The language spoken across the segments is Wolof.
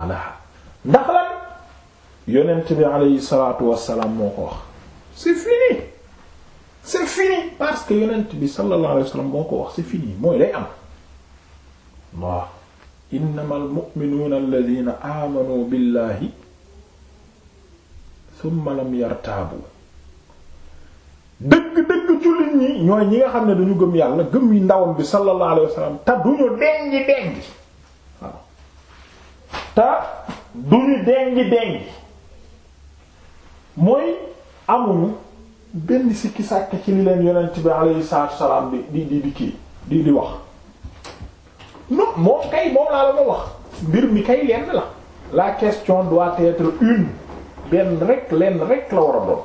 ndax lan yonent bi aleyhi salaatu wassalaam moo ko wax c'est fini c'est fini parce que yonent bi moo ko wax c'est fini mooy day am waaw innamal mu'minuuna alladhiina aamanu billahi thumma lam yartaabu dëgg dëgg jullit ñi ñooy ñi nga xam ne dañu gëm yàlla gëm yi ndawam bi sallallahu alayhi wasallam te dengi dengi te du ñu dengi dengi mooy amuñu benn sikki sàkk ci li leen yonent bi alayhi salaatu salaam di di di di wax non moom kay moom laa la ma wax mbir mi kay lenn la la question doit être une benn rek lenn rek la war a doon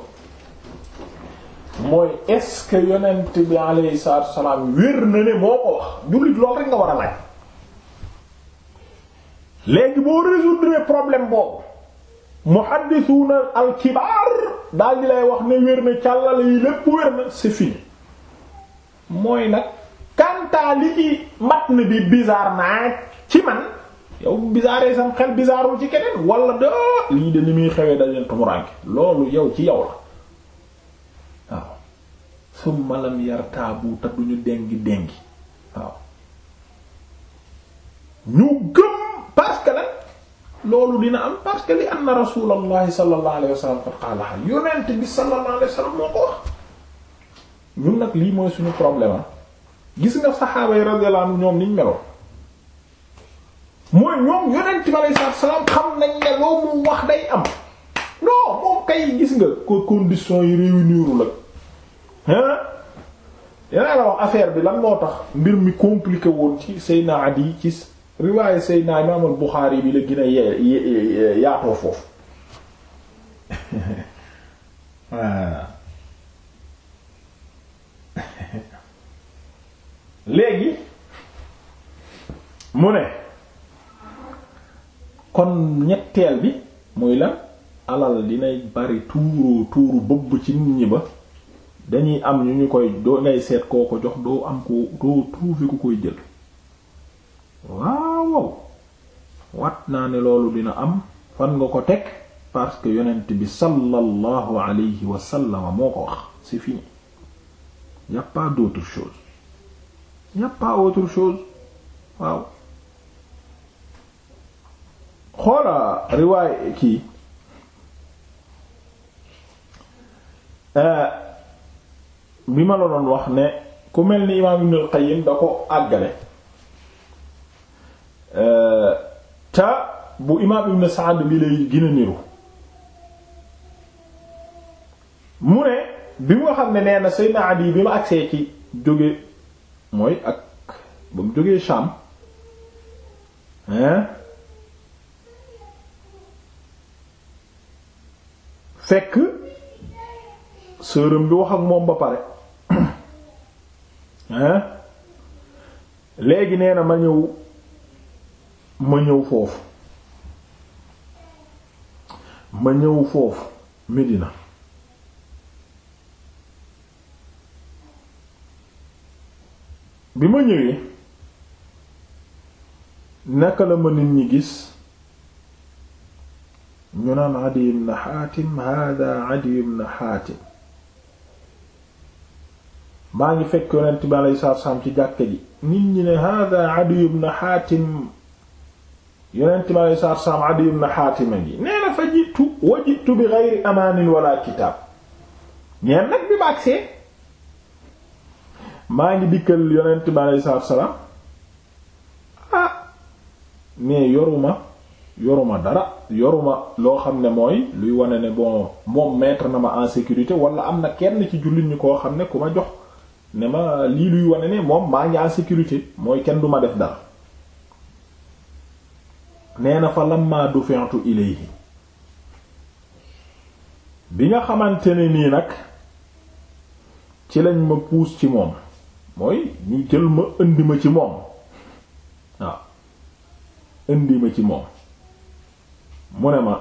mooy est-ce que yonent bi alayhi salaatu salaam wér na ne moo ko wax jullit lool rek nga war a laaj léegi boo résoudre problème boobu muhaddisuuna al kibaar daal di lay wax ne wér na càllal yi lépp wér na c'est fini mooy nag kantaa li ci matn bi bizarre naa ci man yow bizarre sam xel bizarre ci keneen walla da lii de ni muy xewee da leen tumuraanke loolu yow ci yow la waaw summa lam yartaabu te duñu dengi dengi waaw ñu gëm parce que lan loolu dina am parce que li anna rasulallahi sallallahu alayhi wa sallam qad qaala nag lii mooy suñu problème ah. gis nga saxaaba yi radiyallahu anhum ñoom niñ meloon mooy ñoom yonent bi salaam xam nañ ne mu wax day am non moom kay gis nga ko conditions yi réunirul ak hein yeneen la wax affaire bi lan moo tax mbir mi compliqué woon ci Seydina Adi ci riwaaye Seydina Imaam al-Buxaari bi la gën a ye yaatoo foofu waaw léegi mu ne kon ñetteel bi muy la alal dinay bari tuuru tuuru bëbb ci nit ñi ba dañuy am ñu ñu koy doo ngay seet koo ko jox doo am ko doo trouver ku koy jël waaw wat naa ne loolu dina am fan nga ko teg parce que yonent bi sallallahu alayhi wa sallam moo ko wax c'est fini y a chose y a chose waaw xoola riwaay kii euh, bi ma la doon wax ne ku mel ni imaam Ibn al da ko àggale Euh, te bu imaam ibn Sa'd bi lay gën a niru mu ne bi nga xam ne nee na Seydina Adi bi ma agsee ci jóge mooy ak ba mu jógee Sham hein fekk sërëm bi wax ak moom ba pare hein léegi neena ma ñëw ma ñëw foofu ma ñëw foofu Medina bi ma ñëwee naka la ma nit ñi gis ñu naan Adiy ibn Hatim hada Adiy Hatim maa ngi fekk yonent bi alayhi salaam ci jàkka nit ñi ne hada Adiy Hatim yonent mi alei saatu salaam Adiy ibn Haatim ngi nee na fa jiitu wa jiitu bi ghayri amaanin wala kitaab ñeen nag bi baagsee maa ngi dikkal yonent mi alei saatu salaam ah mais yoruma yoruma dara yoruma loo xam ne mooy luy wane ne bon moom mettre na ma en sécurité wala am na kenn ci jullit ñu koo xam ne ku ma jox ne ma lii luy wane ne moom maa ngi en sécurité mooy kenn du ma def dara nee na fa lamma dufi'tu ilayhi bi nga xamante ne nag ci lañ ma puus ci moom mooy ñu jël ma indi ma ci moom ci moom mu ne ma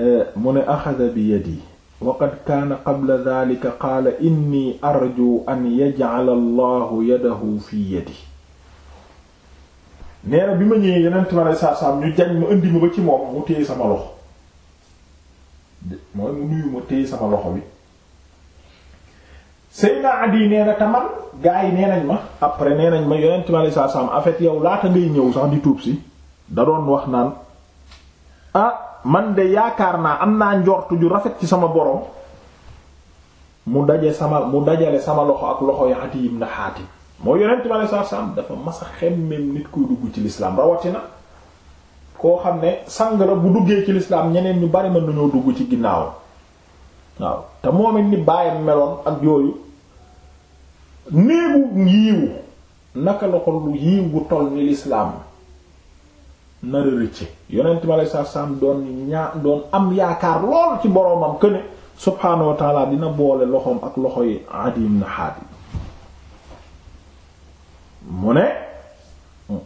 eh, mu ne axada bi yadi waqad kaana qabla dhalika qaala inni arju an yaj'ala allahu yadahu fi yadi nee bi ma ñëwee yeneen ma lay saar ñu jañ ma indi ma ba ci moom mu téye sama loxo mooy mu nuyu ma téye sama loxo bi Seyna Adi nee na taman gars yi nee nañ ma après nee nañ ma yeneen ma lay saar en fait yow laata ngay ñëw sax di tuub si da doon wax naan a ah, man de yaakaar naa am naa njortu ju rafet ci sama borom mu daje sama mu dajale sama loxo ak loxo yi Adi ibn Hatim moo yonent bi alei satu dafa mas a xemmem nit kuy dugg ci lislaam rawatina koo xam ne sàngara bu duggee ci lislaam ñeneen ñu bari ma nañoo dugg ci ginnaaw waaw te moom it ni bàyyam meloon ak yooyu néegu yiiwu naka la ko lu yiiw bu toll ni lislaam nara rëcce yonent bi alei satu doon ñaa doon am yaakaar lool ci boroomam que ne subhaanahu wa dina boole loxoom ak loxo yi adim na xaatim mu ne hmm.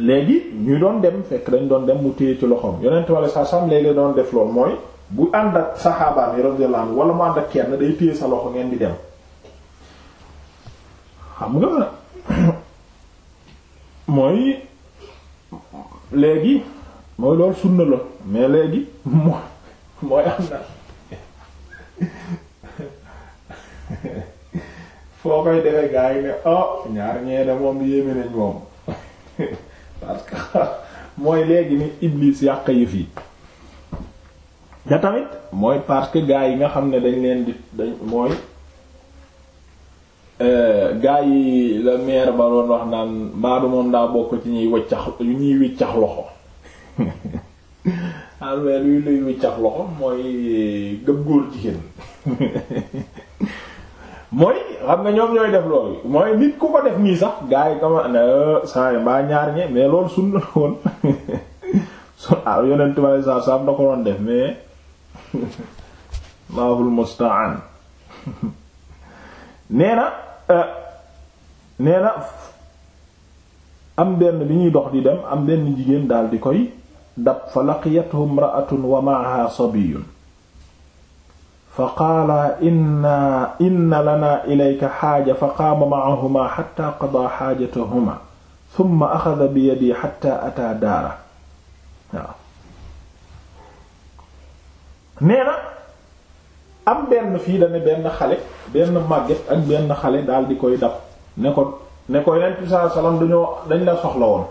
léegi ñu doon dem fekk dañ doon dem mu téye ci loxoom yonent wala saa sam léegi doon def lool mooy bu ànd ak saxaabaan yi radiyallahu anhu wala mu ànd ak kenn day téye sa loxo ngeen di dem xam nga mooy léegi mooy loolu sunna la mais léegi mooy mooy am na foo koy defee gaa yi ne oh ñaar ñee moom yéeme nañ moom parce que mooy léegi ni Iblis yàq yi nga tamit mooy parce que gaa yi nga xam ne dañ leen di dañ mooy euh, gaa yi la maire ba doon wax naan mbaadu moom daa bokk ci ñuy wëccax loxo almeer yu luy wëccax loxo mooy euh, gëb góor jigéen mooy xam nga ñoom ñooy def loolu mooy nit ku ko def nii sax gars yi kama ne euh, saa yi mbaa ñaar ñe mais loolu sunna woon sun ah yonent ma saa saa da ko doon def mais Allahul musta'an nee na euh, nee na am benn bi ñuy dox di dem am benn jigéen daal di koy dab fa laqiyatuhum ra'atun wa ma'aha sabiyyun fa qaala inna inna lanaa ilayka xaaja fa qaama macahumaa xataa qadaa xaajatahumaa summa axada bi yadii xataa ataa daara nee na am benn fii dane benn xale benn màgget ak benn xale daal di koy dab ne ko ne ko yonent bi sallallahu alayhi wasallam la soxla woon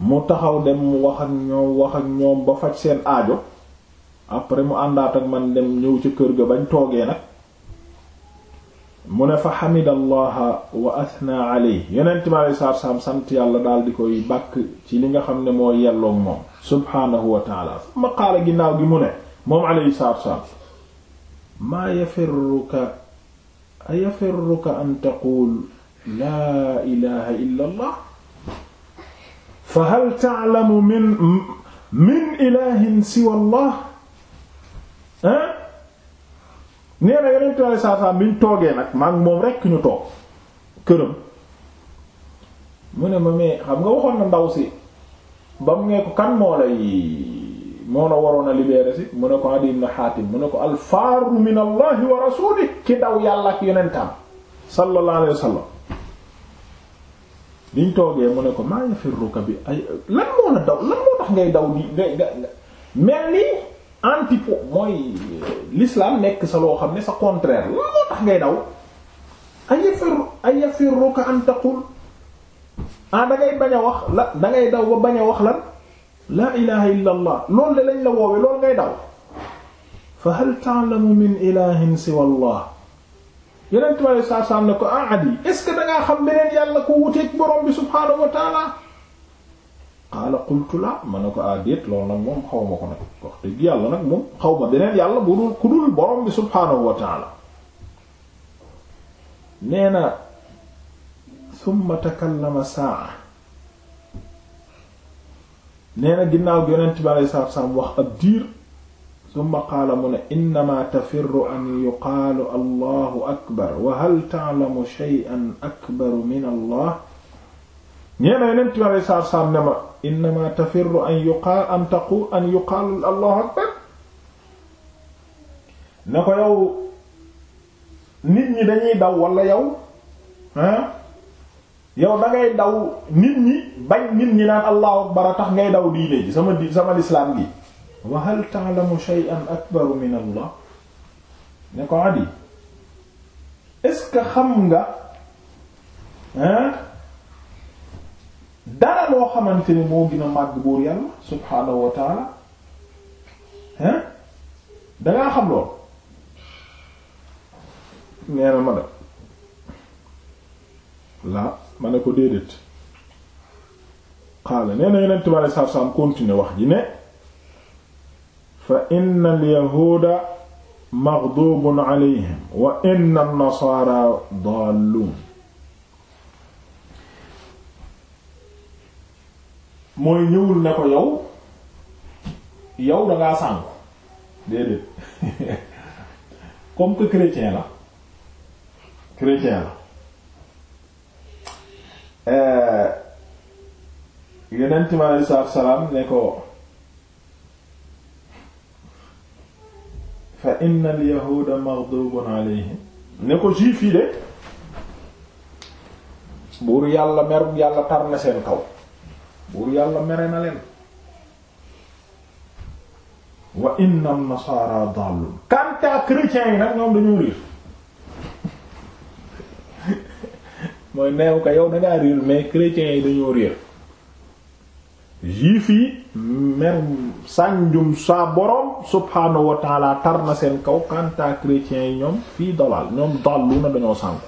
mu taxaw dem wax ak ñoom wax ñoom ba faj seen aajo après mu àndaat ak man dem ñëw ca kër ga bañ toogee nag mu ne fa xamidallaha wa athna aley yeneen mi alei saatu salaam sant yàlla daal di koy bàkk ci li nga xam ne moo yelloog moom subhaanahu wa taala ginnaaw gi mu ne moom aleyhi salaatu maa yafirruka ayafirruka an taqul laa ilaha illa fa hal ta'lamu min min siwa allah hein nee yeneen tubaab saa saa bi ñu toogee nag maa moom rekk ñu toog këram mu ne ma mais xam nga waxoon na ndaw si ba mu ne ko kan moo lay moo la waroon a libéré si mu ne ko Adi ibn Hatim mu ne ko al faaru min allahi wa rasuuli ki daw yàlla ak yonentam sallallahu alayhi wa sallam liñ toogee mu ne ko maa yafirruka bi ay lan moo la daw lan moo tax ngay daw di ngay mel ni antipo mooy lislaam nekk sa loo xam ne sa contraire la moo tax ngay daw ayafir ayafirruka an taqul ah da ngay bañ a wax la da ngay daw ba bañ a wax lan la ilaha illa lool loolu de lañ la woowe loolu ngay daw fa hal ta'lamu min ilahin siwa allah yeneen tubaab yi saa saa ne ko ah Adi est ce que xam beneen yàlla ko wuteeg borom bi subhaanahu wa qaala qultu la ma ne ko ah déet loolu nag moom xaw ma ko nag wax dëgg yàlla nag moom xaw ma beneen yàlla bu dul ku dul borom bi subhaanahu wa taala nee na summa takallama saa nee na ginnaaw gi yonent bi alei satu salaam wax ab diir summa qaala mu ne innama tafirru an yuqaalu allahu akbar wa hal ta'lamu shay'an akbar min allah ñeena yeneen ci ma saar saar ne ma innama tafirru an yuqaal an taqu an yuqaal allahu akbar ne ko yow nit ñi dañuy daw walla yow ah yow da daw nit ñi bañ nit ñi naan allahu akbar a tax ngay daw diine sama di sama lislaam gi wa hal ta'lamu shay'an akbaru min allah ne ko adi est xam nga ah dara loo xamante ni moo gën a màgg buur yàlla subhaanahu wa taala hein xam lool nee na ma da laa ma ne ko déedéet nee na yonent bi alei satu salaam continuer wax ji ne fa inna alyahuuda maghdubun alayhim wa inna an-nasaara daalluun mooy ñëwul ne ko yow yow da ngaa sànk déedéet comme que chrétien la chrétien la euh, yonent mi aleyhi salaatu salaam ne ko fa inna al yahuuda maghdubun ne ko juif yi de buur yàlla mer yàlla tar na seen kaw buur yàlla mere na leen wa inna nasaara dallun kanta chrétiens yi nag ñoom dañoo riir mooy new ko yow dangaa riir mais chrétiens yi dañoo riir juif yi même sànjum sa borom subhaanahu wa tar na seen kaw kanta chrétiens yi ñoom fii dalal ñoom dallu dañoo sànk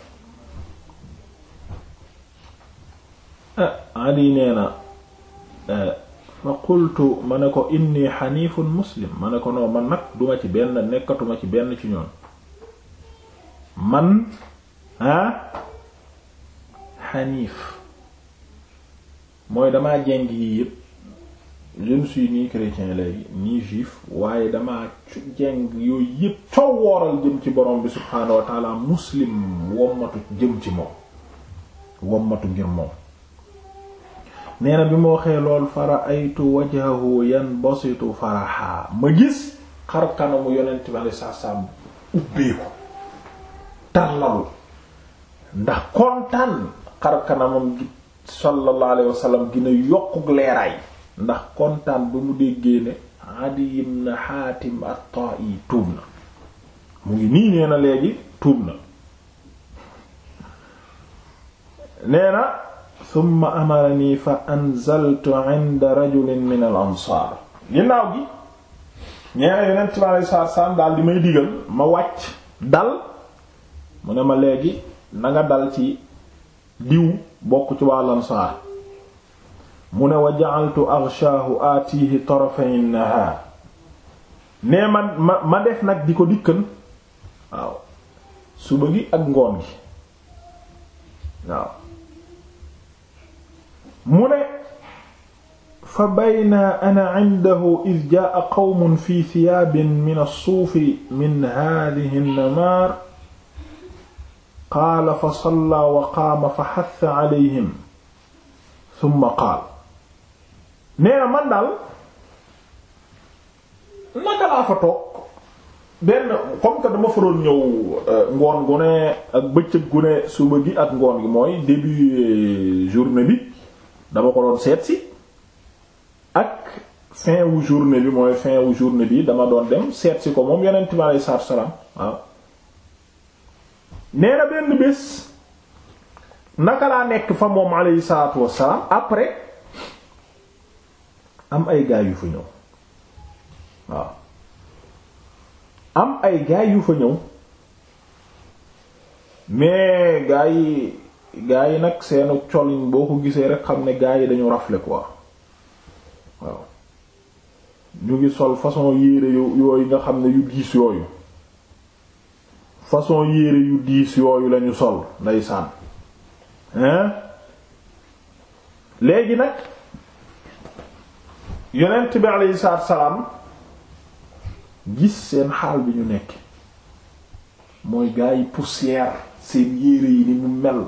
ah andi na Eh, fa qultu ma ne ko inni xaniifun muslim ma ne ko non man nag duma ci benn nekkatuma ci benn ci ñoon man ah xaniif mooy damaa jeng yi yépp je ne suis ni chrétien léegi ni juif waaye damaa jeng yooyu yëpp coow jëm ci borom bi subhaanahu wa muslim wommatu jëm ci moom wommatu ngir moom nee bi ma waxee lool fara aytu wajhahu yanbasitu faraha ma gis xar kanamu yonent bi alei saat selaam ubbeeku tàllalu ndax kontaan xar kanamam gi sallallahu alayhi wa leeraay ndax kontaan ba mu déggee ne Adi ibn Hatim at tuub na mu ngi nii nee léegi tuub na nee thumma amarani fa anzaltu inda rajulin min al ansaar ginnaaw gi ñeena yonent bi alei saatu daal di may digal ma wàcc dal mu ne ma léegi nanga dal ci diw bokk ci waa lansaar mu ne wa ja'altu aghshaahu aatihi tarafay nahaar nee man ma ma def nag di ko dikkan waaw suba gi ak ngoon gi waaw mu ne fa bayna ana indahu iz jaa qawmun fi thiyaabin min as-suufi min haadhihi an-namaar qaala fa sallaa wa qaama fa hatha alayhim thumma qaala nee na man daal naka laa fa toog benn comme que dama fa doon ñëw euh, ngoon gu ne ak bëccëg gu ne suba gi ak ngoon gi mooy début euh, journée bi dama ko doon seet ak fin wu journée bi mooy fin wu journée bi dama doon dem seetsi ko moom yonent bi aleyhi salaatu wa salaam waaw nee na benn bés naka laa nekk fa moom aleyhi salaatu wa salaam après am ay gaay yu fa ñëw waaw am ay gaay yu fa ñëw mais gaay yi gaa yi nag seenu col boo ko gisee rek xam ne gaa yi dañu rafle quoi waaw ñu ngi sol façon yére yu yooyu nga xam ne yu diis yooyu façon yére yu diis yooyu lañu sol ndeysaan hein léegi nag yonent bi aleyhi salaatu salaam gis seen xaal bi ñu nekk mooy gaa yi poussière seen yére yi ni mu mel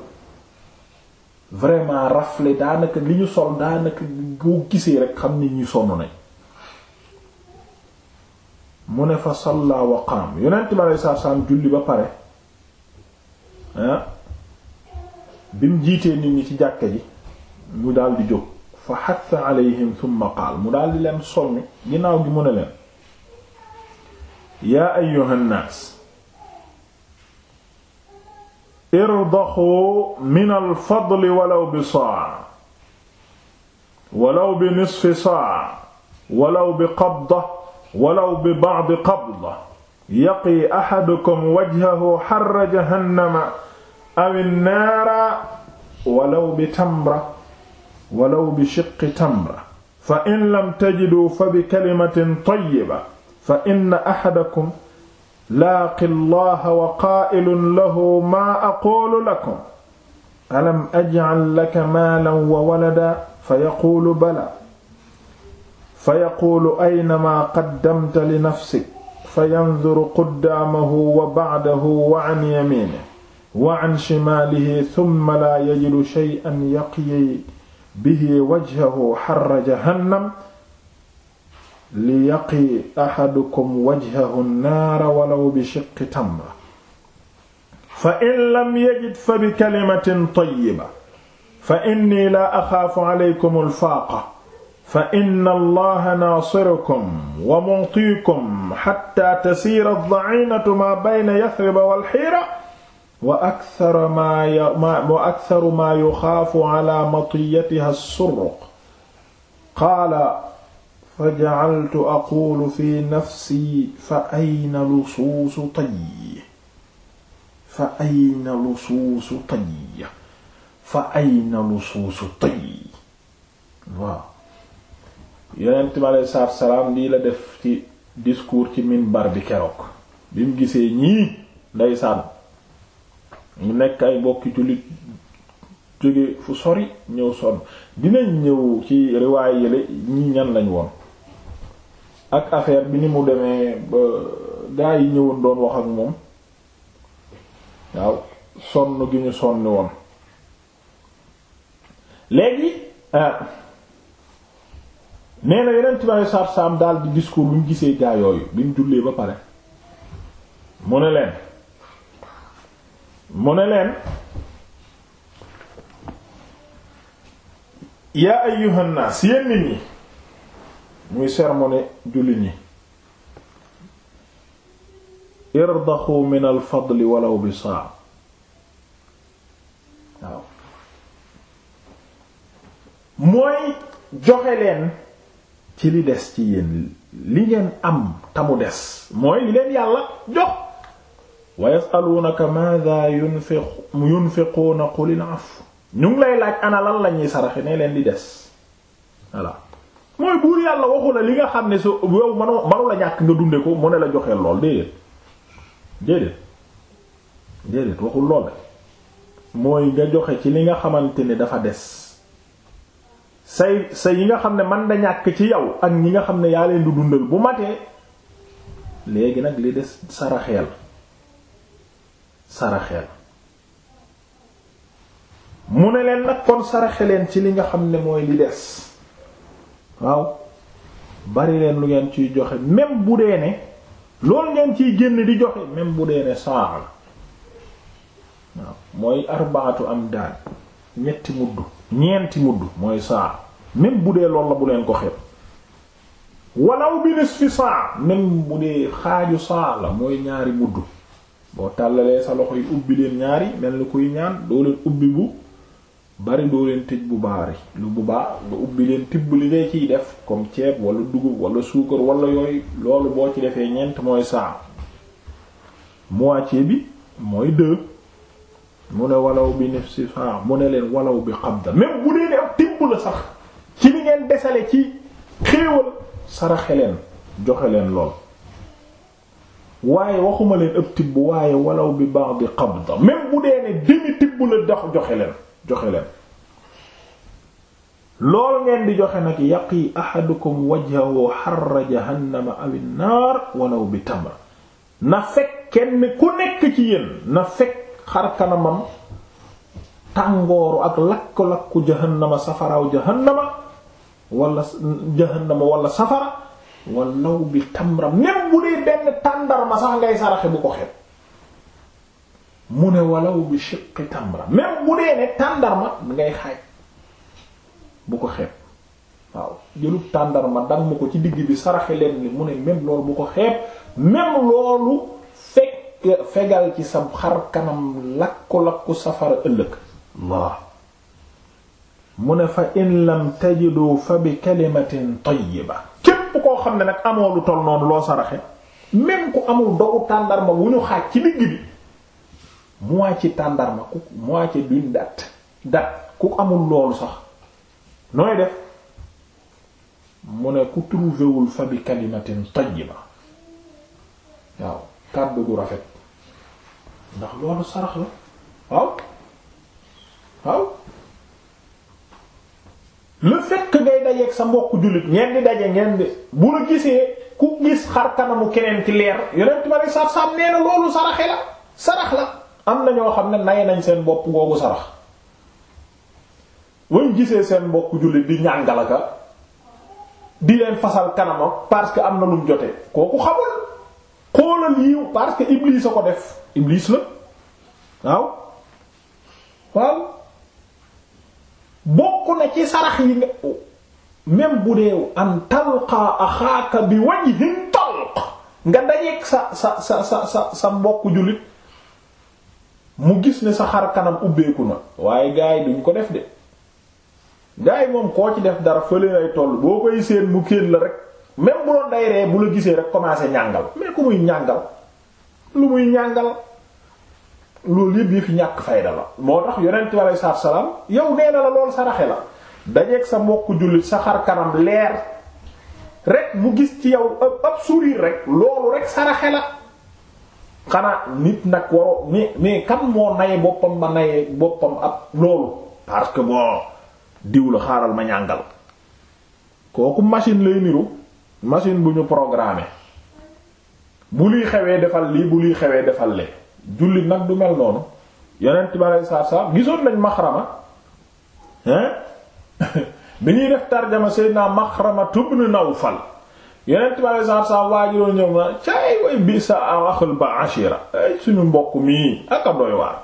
vraiment rafle daanaka li ñu sol daanaka boo gisee rek xam ni ñu sonn nañ mu ne fa salla wa qaam yonent bi alei satu salaam julli ba pare ah, bi mu jiitee nit ñi ci jàkke ji mu daal di jóg fa xatta alayhim thumma qaal mu daal di leen soññ ginnaaw gi mu ne leen yaa ayyuhan naas irdaxu min alfadli walaw bi saa walaw bi nisfi saa walaw bi qabda walaw bi ba'di qabda yaqi axadukum wajhahu xarra jahannama aw innaara walaw bi tamra walaw bi shiqqi tamra fa in lam tajidu fa bi kalimatin tayyiba fa inna axadakum laaqi llaha wa qaa'ilun lahu maa aquulu lakum alam aj'al laka maalan wa walada fa yaquulu balaa fa yaquulu ayna maa qaddamta li nafsik fa yanzuru quddaamahu wa ba'dahu wa an yamiinihi wa an shimaalihi thumma laa yajidu shay'an yaqyi bihi wajhahu harra jahannam li yaqi axadukum wajhahu naara walaw bi shiqqi tamra fa in lam yajid fa bi kalimatin tayyiba fa inni laa axaafu aleykum alfaaqa fa inna allaha naasirukum wa mu'tiikum xatta tasiira ad-da'iinatu maa bayna yathriba wal hiira wa aktharu maa wa aktharu maa yuxaafu ala matiyatiha as-surruq qaala fa jacaltu aqulu fi nafsi fa ayna lusuusu tayyi fa ayna lusuusu tayyi fa ayna lusuusu tayyi waaw yonent bi aleyhi salaatu salaam lii la def ci discours ci minbar bi keroog bi mu gisee ñii ndeysaan mu nekk ay bokki jullit jóge fu sori ñëw sonn dinañ ñëw ci riwaay yële ñii ñan lañ woon ak affaire bi ni mu demee ba gaa yi ñëwoon doon wax ak moom waaw sonn gi ñu sonni woon léegi ah, nee yeneen tibaay saab saam daal di discours bu ñu gisee gaa yooyu bi ñu jullee ba pare mu ne leen mu ne leen yaa ayyuhan naas yéen nit ñi muy sermone julli ñi irdaxu min al fadli walaw bi saa mooy joxe leen ci li des ci yéen li ngeen am tamu des mooy li leen yàlla jox wa yasaluunaka maada yunfiq yunfiquuna qulil af ñu ngi lay laaj ana lan lañuy saraxe ne leen di des mooy buur yàlla waxu la li nga xam ne sa yow manoo manu ñàkk nga dunde ko mu ne la joxeel lool déedéet déedéet déedéet waxul lool mooy nga joxe ci li nga xamante ne dafa des say say yi nga xam ne man da ñàkk ci yow ak ñi nga xam ne yaa leen du dundal bu matee léegi nag li des saraxeel saraxeel mu ne leen nag kon saraxeleen ci li nga xam ne mooy li des waaw bari leen lu ngeen ciy joxe même bu dee ne lool ngeen ciy génn di joxe même bu dee ne saa la waaw mooy arbaatu am daal ñetti mudd ñeenti mudd mooy saa même bu dee loolu la bu leen ko xeeb walaw bi nisfi saa même bu dee xaaju saa la mooy ñaari mudd boo tàllalee sa loxo yi ubbi leen ñaari mel ni kuy ñaan doo leen ubbi bu bari loo leen tëj bu baari lu bu baax nga ubbi leen tibb li ngay ciy def comme ceeb wala dugub wala suukar wala yooyu loolu boo ci defee ñeent mooy saa moitié bi mooy deux mu ne walaw bi nifsi fa mu ne leen walaw bi qabda même bu dee ne ak sax ci li ngeen desale ci xéewal saraxe leen joxe leen lool waaye waxuma leen ëpp tibb waaye walaw bi ba'd qabda même bu dee ne demi tibb la dox joxe leen joxe leen lool ngeen di joxe nag yaqi ahadukum wajhahu harra jahannama aw an-nar walaw bi tamra na fekk kenn ku nekk ci yéen na fekk xar kanamam tàngooru ak lakku-lakku jahannama safaraaw jahannama wala jahannama wala safara walaw bi tamra même bu dee benn tàndarma sax ngay saraxe bu ko xet mu ne walaw bi shiqqi tamra même bu dee ne tàndarma ngay xaaj bu ko xeeb waaw jëlub tàndarma dang ma ko ci digg bi saraxe leen mu ne même loolu bu ko xeeb même loolu fekk fegal ci sa xar kanam lakku-lakku safara ëllëg waaw mu ne fa in lam tajidu fa bi kalimatin tayyiba képp koo xam ne nag amoo lu toll noonu loo saraxe même ku amul dogu tàndarma wu ñu xaaj ci digg bi moitié tàndarma ku moitié d'une date date ku amul loolu sax nooy def mu ne ku trouvéwul fa bi kalimatin tayyiba waaw kàddu gu rafet ndax loolu sarax la waaw waaw le fait ngay dajeeg sa mbokku jullit ngeen di daje ngeen di bu la gisee ku gis xar kanamu keneen ci leer yonent bi sallallahu alayhi wasallam loolu saraxe la sarax la am na ñoo xam ne nay nañ seen bopp googu sarax wañ gisee seen mbokk jullit di ñàngalaka di leen fasal kanamam parce que am na lum jote kooku xamul xoolal yiw parce que Iblis a ko def Iblis la waaw waaw bokk na ci sarax yi nga même bu deew an talqa axaaka bi wajhin talq nga dajeek sa sa sa sa sa mbokk jullit mu gis ne sa xar kanam ubbeeku na waaye gaa yi duñ ko def de gars yi moom koo ci def dara fële lay toll boo koy seen mu kéen la rek même bu doon day ree bu la gisee rek commencé ñàngal mais ku muy ñàngal lu muy ñàngal loolu yëpp yi ñàkk fayda la moo tax yonent bi alei salaatu salaam yow nee na la lool sa raxe la dajeeg sa mbokk jullit sa xar kanam leer rek mu gis ci yow ab sourire rek loolu rek saraxe la xanaa nit nag waroo mais mais kan moo naye boppam ba naye boppam ab loolu parce que bon diw la xaaral ma ñàngal kooku machine lay niru machine bu ñu programmé bu luy xewee defal lii bu luy xewee defal lee jullit nag du mel noonu yonent bi alei saatu salaam gisoon nañ maxrama hein bi ñuy def tarjama sayyidina maxrama ibn nawfal yeneen tubaab yi sax sax waajuroo ñëw na cay way bi sa axal ba ashira ay suñu mbokk mii ak a doy waar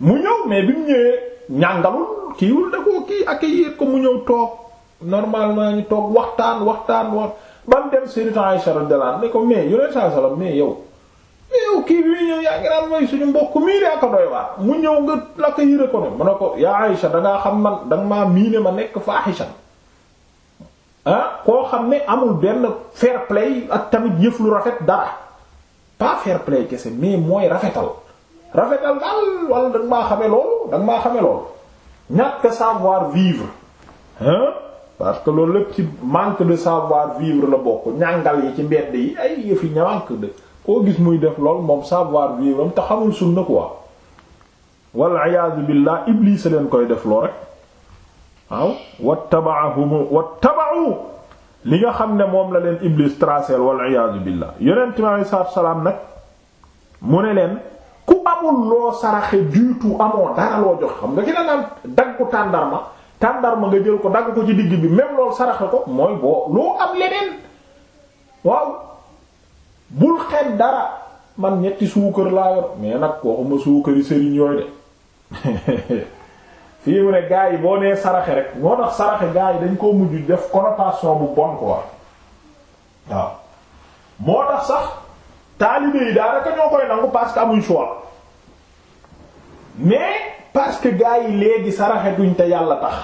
mu ñëw mais bi mu ñëwee ñàngalul kiiwul da koo kii ak yéeg ko mu ñëw toog normalement ñu toog waxtaan waxtaan wax ba mu dem Sayyidatu Aisha radiyallahu anha ne ko mais yeneen yow kii bi suñu mbokk mii mu ñëw nga la ko yére ko ne ma ne ko yaa Aisha da ngaa xam man da nga maa miine ma nekk faahisha ah koo xam ne amul benn fair play ak tamit yëf lu rafet daa pas fair play kese mais mooy rafetal rafetal daal wala da maa xamee loolu da maa xamee loolu ñàkk savoir vivre hein parce que loolu lépp ci manque de savoir vivre la bokk ñàngal yi ci mbedd yi ay yëfi ñànk de koo gis muy def lool moom savoir vivre am te xamul sunna quoi wal iyaadu billah iblis leen koy def loo rek. waaw wattaba'ahum wattaba'u li nga xam ne moom la leen Iblis tracé wal iyaadu billah yonent mi alayhi salaatu wa salaam nag mu ne leen ku amul loo saraxe du amoo dara loo jox xam nga ki naan dagg ko tàndarma tàndarma nga jël ko dagg ko ci digg bi même loolu saraxe ko mooy boo loo am leneen waaw bul xeet dara man ñetti suukar laa yor mais nag waxuma suukari sëriñ yooyu de. fii mu ne gars yi boo nee saraxe rek moo tax saraxe gars yi dañ koo mujj def connotation bu bon quoi waaw moo tax sax taalibe yi daanaka ñoo koy nangu parce que amuñ choix mais parce que gars yi léegi saraxe duñ te yàlla tax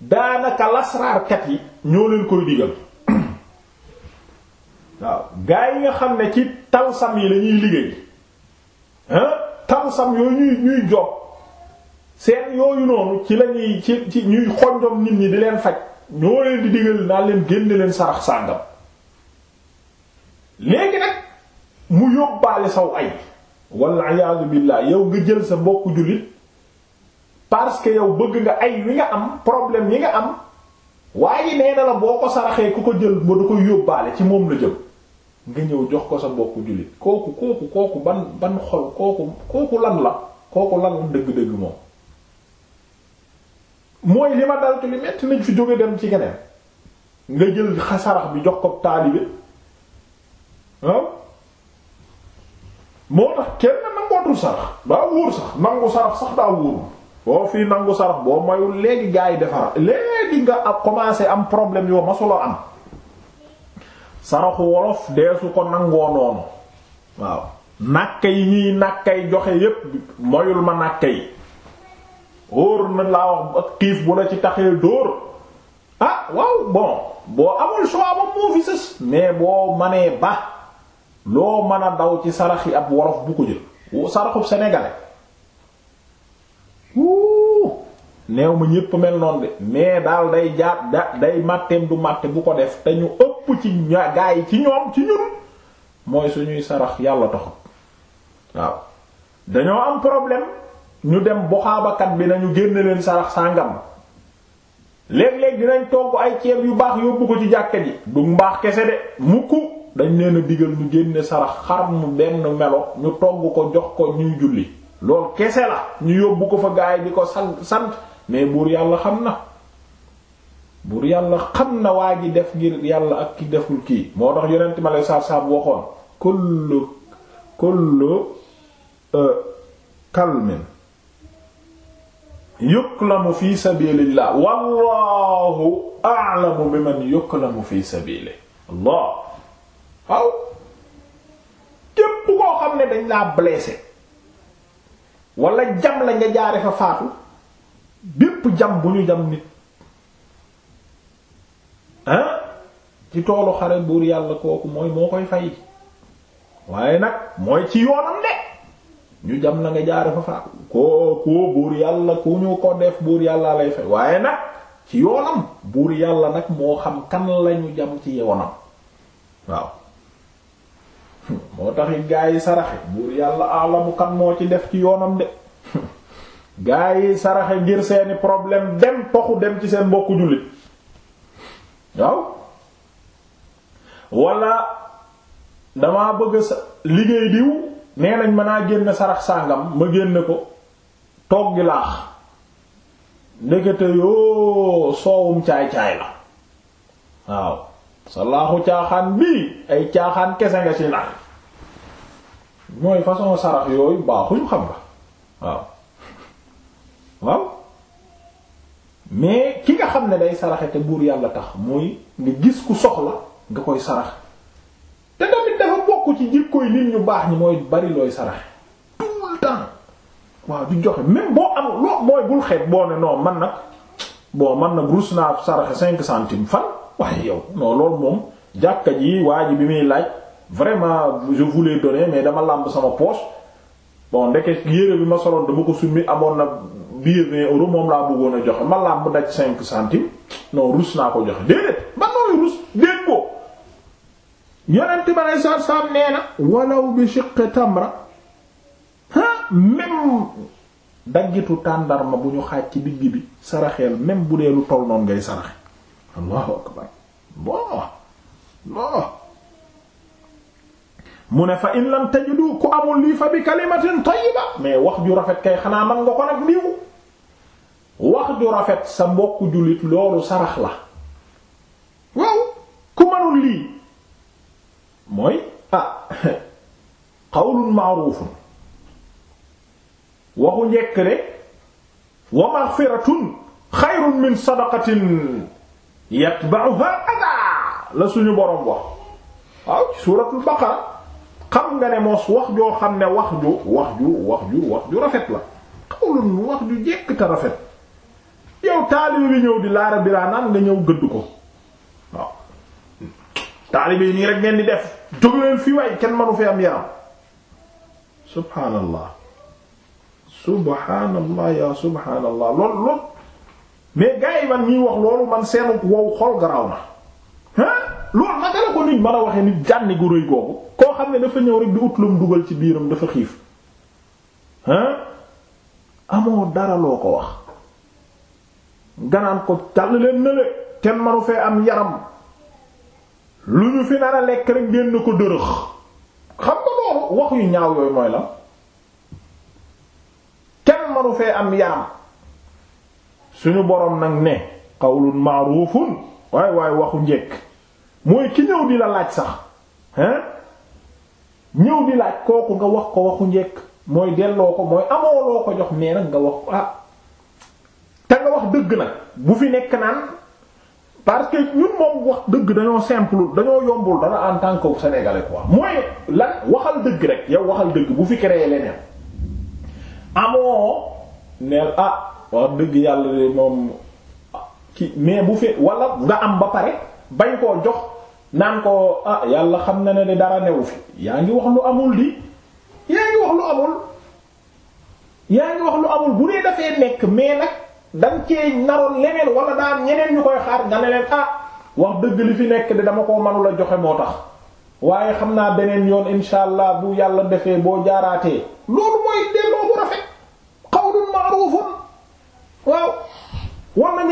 daanaka lasraarkat yi ñoo leen koy digal waaw gars yi nga xam ne ci sam yi lañuy liggéey hein tawsam yooyu ñuy ñuy seen yooyu noonu ci lañuy ci ci ñuy xonjom nit ñi di leen faj ñoo leen di digal naa leen génne leen sarax sàngam léegi nag mu yóbbaale saw ay walla iyaadu billaah yow nga jël sa mbokku jullit parce que yow bëgg nga ay wi nga am problème yi nga am waaye nee na la boo ko saraxee ku ko jël ba du ko yóbbaale ci moom la jëm nga ñëw jox ko sa mbokku jullit kooku kooku kooku ban ban xol kooku kooku lan la kooku lan la dëgg-dëgg moom mooy li ma dal ci li metti nañ fi jóge dem ci keneen nga jël xasarax bi jox ko taalibe waaw moo tax kenn nangootul sarax daa wóor sax nangu sarax sax daa wóor boo fii nangu sarax boo mayul léegi gaa yi defar léegi nga a commencé am problème yoo masuloo am saraxu wolof deesu ko nangoo noonu waaw nàkka yi ñuy nàkkay joxe yépp moyul ma nàkka yi wóor na laa wax ak xiif bu la ci taxee dóor ah waaw bon boo amul choix ba moo fi sës mais boo mënee ba loo mën a daw ci sarax yi ab worof bu ko jël saraxub sénégalais wuu neew ma ñépp mel noonu de mais daal day jaar da day màtteem du màtte bu ko def te ñu ëpp ci gaa yi ci ñoom ci ñun mooy suñuy sarax yàlla taxut waaw dañoo am problème ñu dem boxaabakat bi nañu génne leen sarax sàngam léeg-léeg dinañ togg ay ceeb yu baax yóbbu ko ci jàkka ji du mbaax kese de mukk dañ leen a digal ñu génne sarax xar mu benn melo ñu togg ko jox ko ñuy julli lool kese la ñu yóbbu ko fa gaay bi ko sant sant mais buur yàlla xam na buur yàlla xam na waa ji def ngir yàlla ak ki deful kii moo tax yonent ma lay saab-saab waxoon kullu kullu euh, kalmin yuklamu fi sabilillah wallahu a'lamu biman yuklamu fi sabilihi allah waaw képp koo xam ne dañ laa blessé wala jam la nga jaare fa faatu bépp jam bu ñu jam nit ah ci toolu xare buur yàlla kooku mooy moo koy fay waaye nag mooy ci yoonam de ñu jam la nga jaare fa koo koo buur yàlla ku ñu ko def buur yàlla lay fay waaye nag ci yoonam buur yàlla nag moo xam kan lañu jam ci yoonam waaw moo taxi gaa yi saraxe buur yàlla alamu kan moo ci def ci yoonam de gaa yi saraxe ngir seeni problème dem toxu dem ci seen mbokku jullit waaw wala damaa bëgg sa liggéey diw nee nañ ma naa génn sarax sàngam ma génn ko toog gi laax ndekete yoo soowum caay-caay la waaw sa laaxu caaxaan bii ay caaxaan kese nga ci naan mooy façon sarax yooyu baaxuñ xam nga waaw waaw mais ki nga xam ne day saraxe te buur yàlla tax mooy nga gis ku soxla nga koy sarax bokk ci jikkoy nit ñu baax ñi mooy bari looy saraxe tout le waaw di joxe même boo am loo mooy bul xeeb boo ne non man nag bon man nag rus naa saraxe cinq centime fan waaye yow non loolu moom jàkka ji waa ji bi muy laaj vraiment je voulais donner mais dama làmb sama poche bon ndeke yére bi ma soloon dama ko summi amoon na biir vingt euros moom laa bëggoon a joxe ma làmb daj cinq centimes non rus naa ko joxe déedéet man noonu rus déet ko yonent bi aleyhi salaatu nee na walaw bi shiqqi tamra ah même daggitu tàndarma bu ñu xaaj ci digg bi saraxeel même bu dee lu toll noonu ngay saraxe allahu akbar bon bon mu ne fa in lam tajidu ku amul lii fa bi kalimatin tayyiba mais wax ju rafet kay xanaa man nga ko nag liiwu wax ju rafet sa mbokku jullit loolu sarax la waaw ku manul lii mooy ah qawlun ma'rufun waxu njekk rek wa maghfiratun xayrun min sadaqatin yatba'uha la suñu boroom wax waaw ci suuratul baqara xam nga ne moos wax joo xam ne wax ju wax ju wax ju wax ju rafet la qawlun wax ju jekk te rafet yow taalibe bi ñëw di laa biraa naan nga ñëw gëdd ko taalibe yi nii rek ngeen di def jóg leen fii waaye kenn manu fee am yaram subhaanallah subhaanallah yaa subhaanallah mais gars yi man ñuy wax loolu man seen wow xol garaaw na ah loolu naka la ko nit mën a waxee nit jànni gu rëy googu koo xam ne dafa ñëw rek di ut dugal ci biiram dafa xiif ah amoo dara loo ko wax ganaan ko tàll leen nële kenn manu fee am yaram lu ñu fi nar a lekk rek ngeen ko dërëx xam nga loolu wax yu ñaaw yooyu mooy la kenn manu fee am yaram suñu boroom nag ne qawlun ma'rufun waaye waay waxu njekk mooy ki ñëw di la laaj sax hein ñëw di laaj kooku nga wax ko waxu njekk mooy delloo ko mooy amoo loo ko jox mais nag nga wax ko ah te nga wax dëgg nag bu fi nekk naan parce que ñun moom wax dëgg dañoo simple dañoo yombul dara en tant que sénégalais quoi mooy lan waxal dëgg rek yow waxal dëgg bu fi créé leneen amoo neel ah wax dëgg yàlla de moom ki ah, mais bu fi walla nga am ba pare bañ koo jox naan ko ah yàlla xam na ne de dara newu fi yaa ngi wax lu amul di yaa ngi wax lu amul yaa ngi wax lu amul bu dee dafee nekk mais nag. da nga cee naroon leneen wala daan ñeneen ñu koy xaar nga ne leen ah wax dëgg li fi nekk di dama koo mënula joxe moo tax waaye xam naa beneen yoon insha allah bu yàlla defee boo jaaraatee loolu mooy delloo bu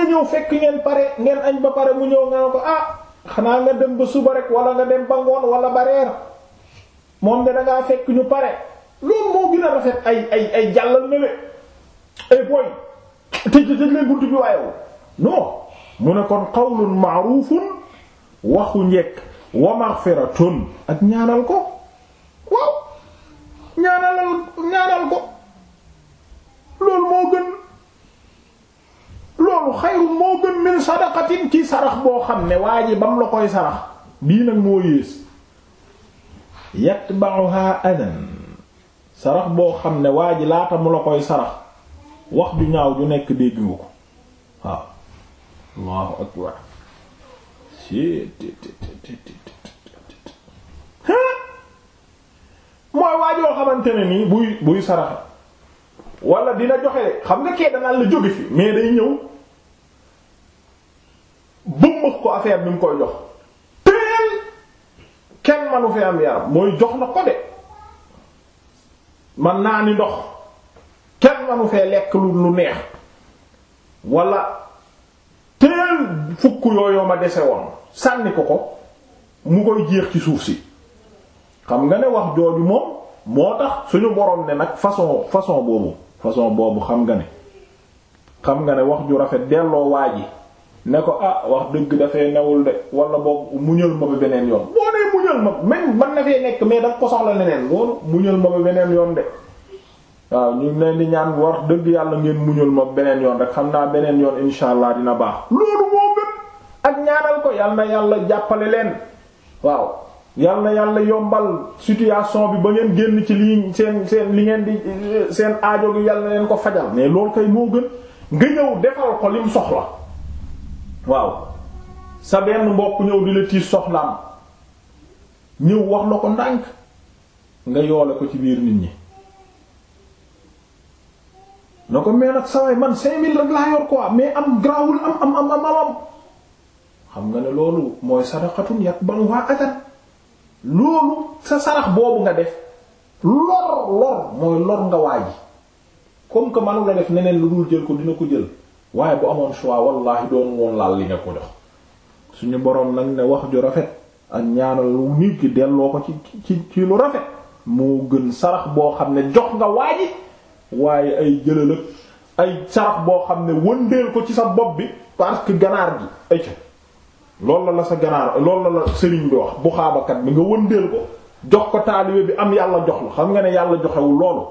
ñëw fekk ngeen pare ngeen añ ba pare mu ñëw ne ko ah xanaa nga dem ba suba rek wala nga dem ba ngoon wala ba reer moom de dangaa fekk ñu pare loolu moo gën a rafet ay ay ay jàllal na le tëj tëj leen buntu bi waaye non mu ne kon qawlun ma'rufun waxu njekk wa maghfiratun ak ñaanal ko waaw ñaanal ñaanal ko loolu moo gën loolu xayru moo gën min sadaqatin ci sarax boo xam ne waa ji bam la koy sarax bii nag moo yées yatba'uha adan sarax boo xam ne waa ji laata mu la koy sarax wax du ñaaw ju nekk dégg nga ko waaw allahu akbar mooy waajoo xamante ne nii buy buy saraxa wala dina joxe xam nga kee danaan la jóge fi mais day ñëw bëmbax ko affaire bi mu koy jox teel kenn manu fi am yaram mooy jox na ko de man naa ni ndox kenn manu fee lekk lu lu neex wala teel fukk yooyu ma dese woon sànni ko ko mu koy jeex ci suuf si xam nga ne wax jooju moom moo tax suñu boroom ne nag façon façon boobu façon boobu xam nga ne xam nga ne wax ju rafet delloo waa yi ne ko ah wax dëgg dafay newul de wala boobu muñal ma ba beneen yoon boo nee muñal ma même man na fee nekk mais danga ko soxla leneen loolu muñal ma ba beneen yoon de waaw ñu ngi leen di ñaan war dëgg yàlla ngeen muñul ma beneen yoon rek xam naa beneen yoon insha allah dina baax loolu moo gën ak ñaanal ko yal na yàlla jàppale leen waaw yal na yàlla yombal situation bi ba ngeen génn ci li seen seen li ngeen di seen aajo gi yal na leen ko fajal mais loolu kay moo gën nga ñëw defal ko lim soxla waaw sa benn mbokk ñëw di la tiis soxlaam ñëw wax la ko nànk nga yoole ko ci biir nit ñi na ko mais nag saway man cinq rek laa yor quoi mais am grawul am am am am am xam nga ne loolu mooy saraxatun yatba'uha adan loolu sa sarax boobu nga def lor lor mooy lor nga waaji comme que manu def neneen lu dul jël ko dina ko jël waaye bu amoon choix wallahi doon woon laal li nga ko jox suñu boroom nag ne wax ju rafet ak ñaanal lu nit ki delloo ko ci ci ci lu rafet moo gën sarax boo xam ne jox nga waaji waaye ay jëlalëg ay sarax boo xam ne wëndeel ko ci sa bopp bi parce que ganaar gi ayca loolu la sa ganaar loolu la la sëriñ bi wax bu xaabakat bi nga wëndeel ko jox ko taalibe bi am yàlla jox la xam nga ne yàlla joxewul loolu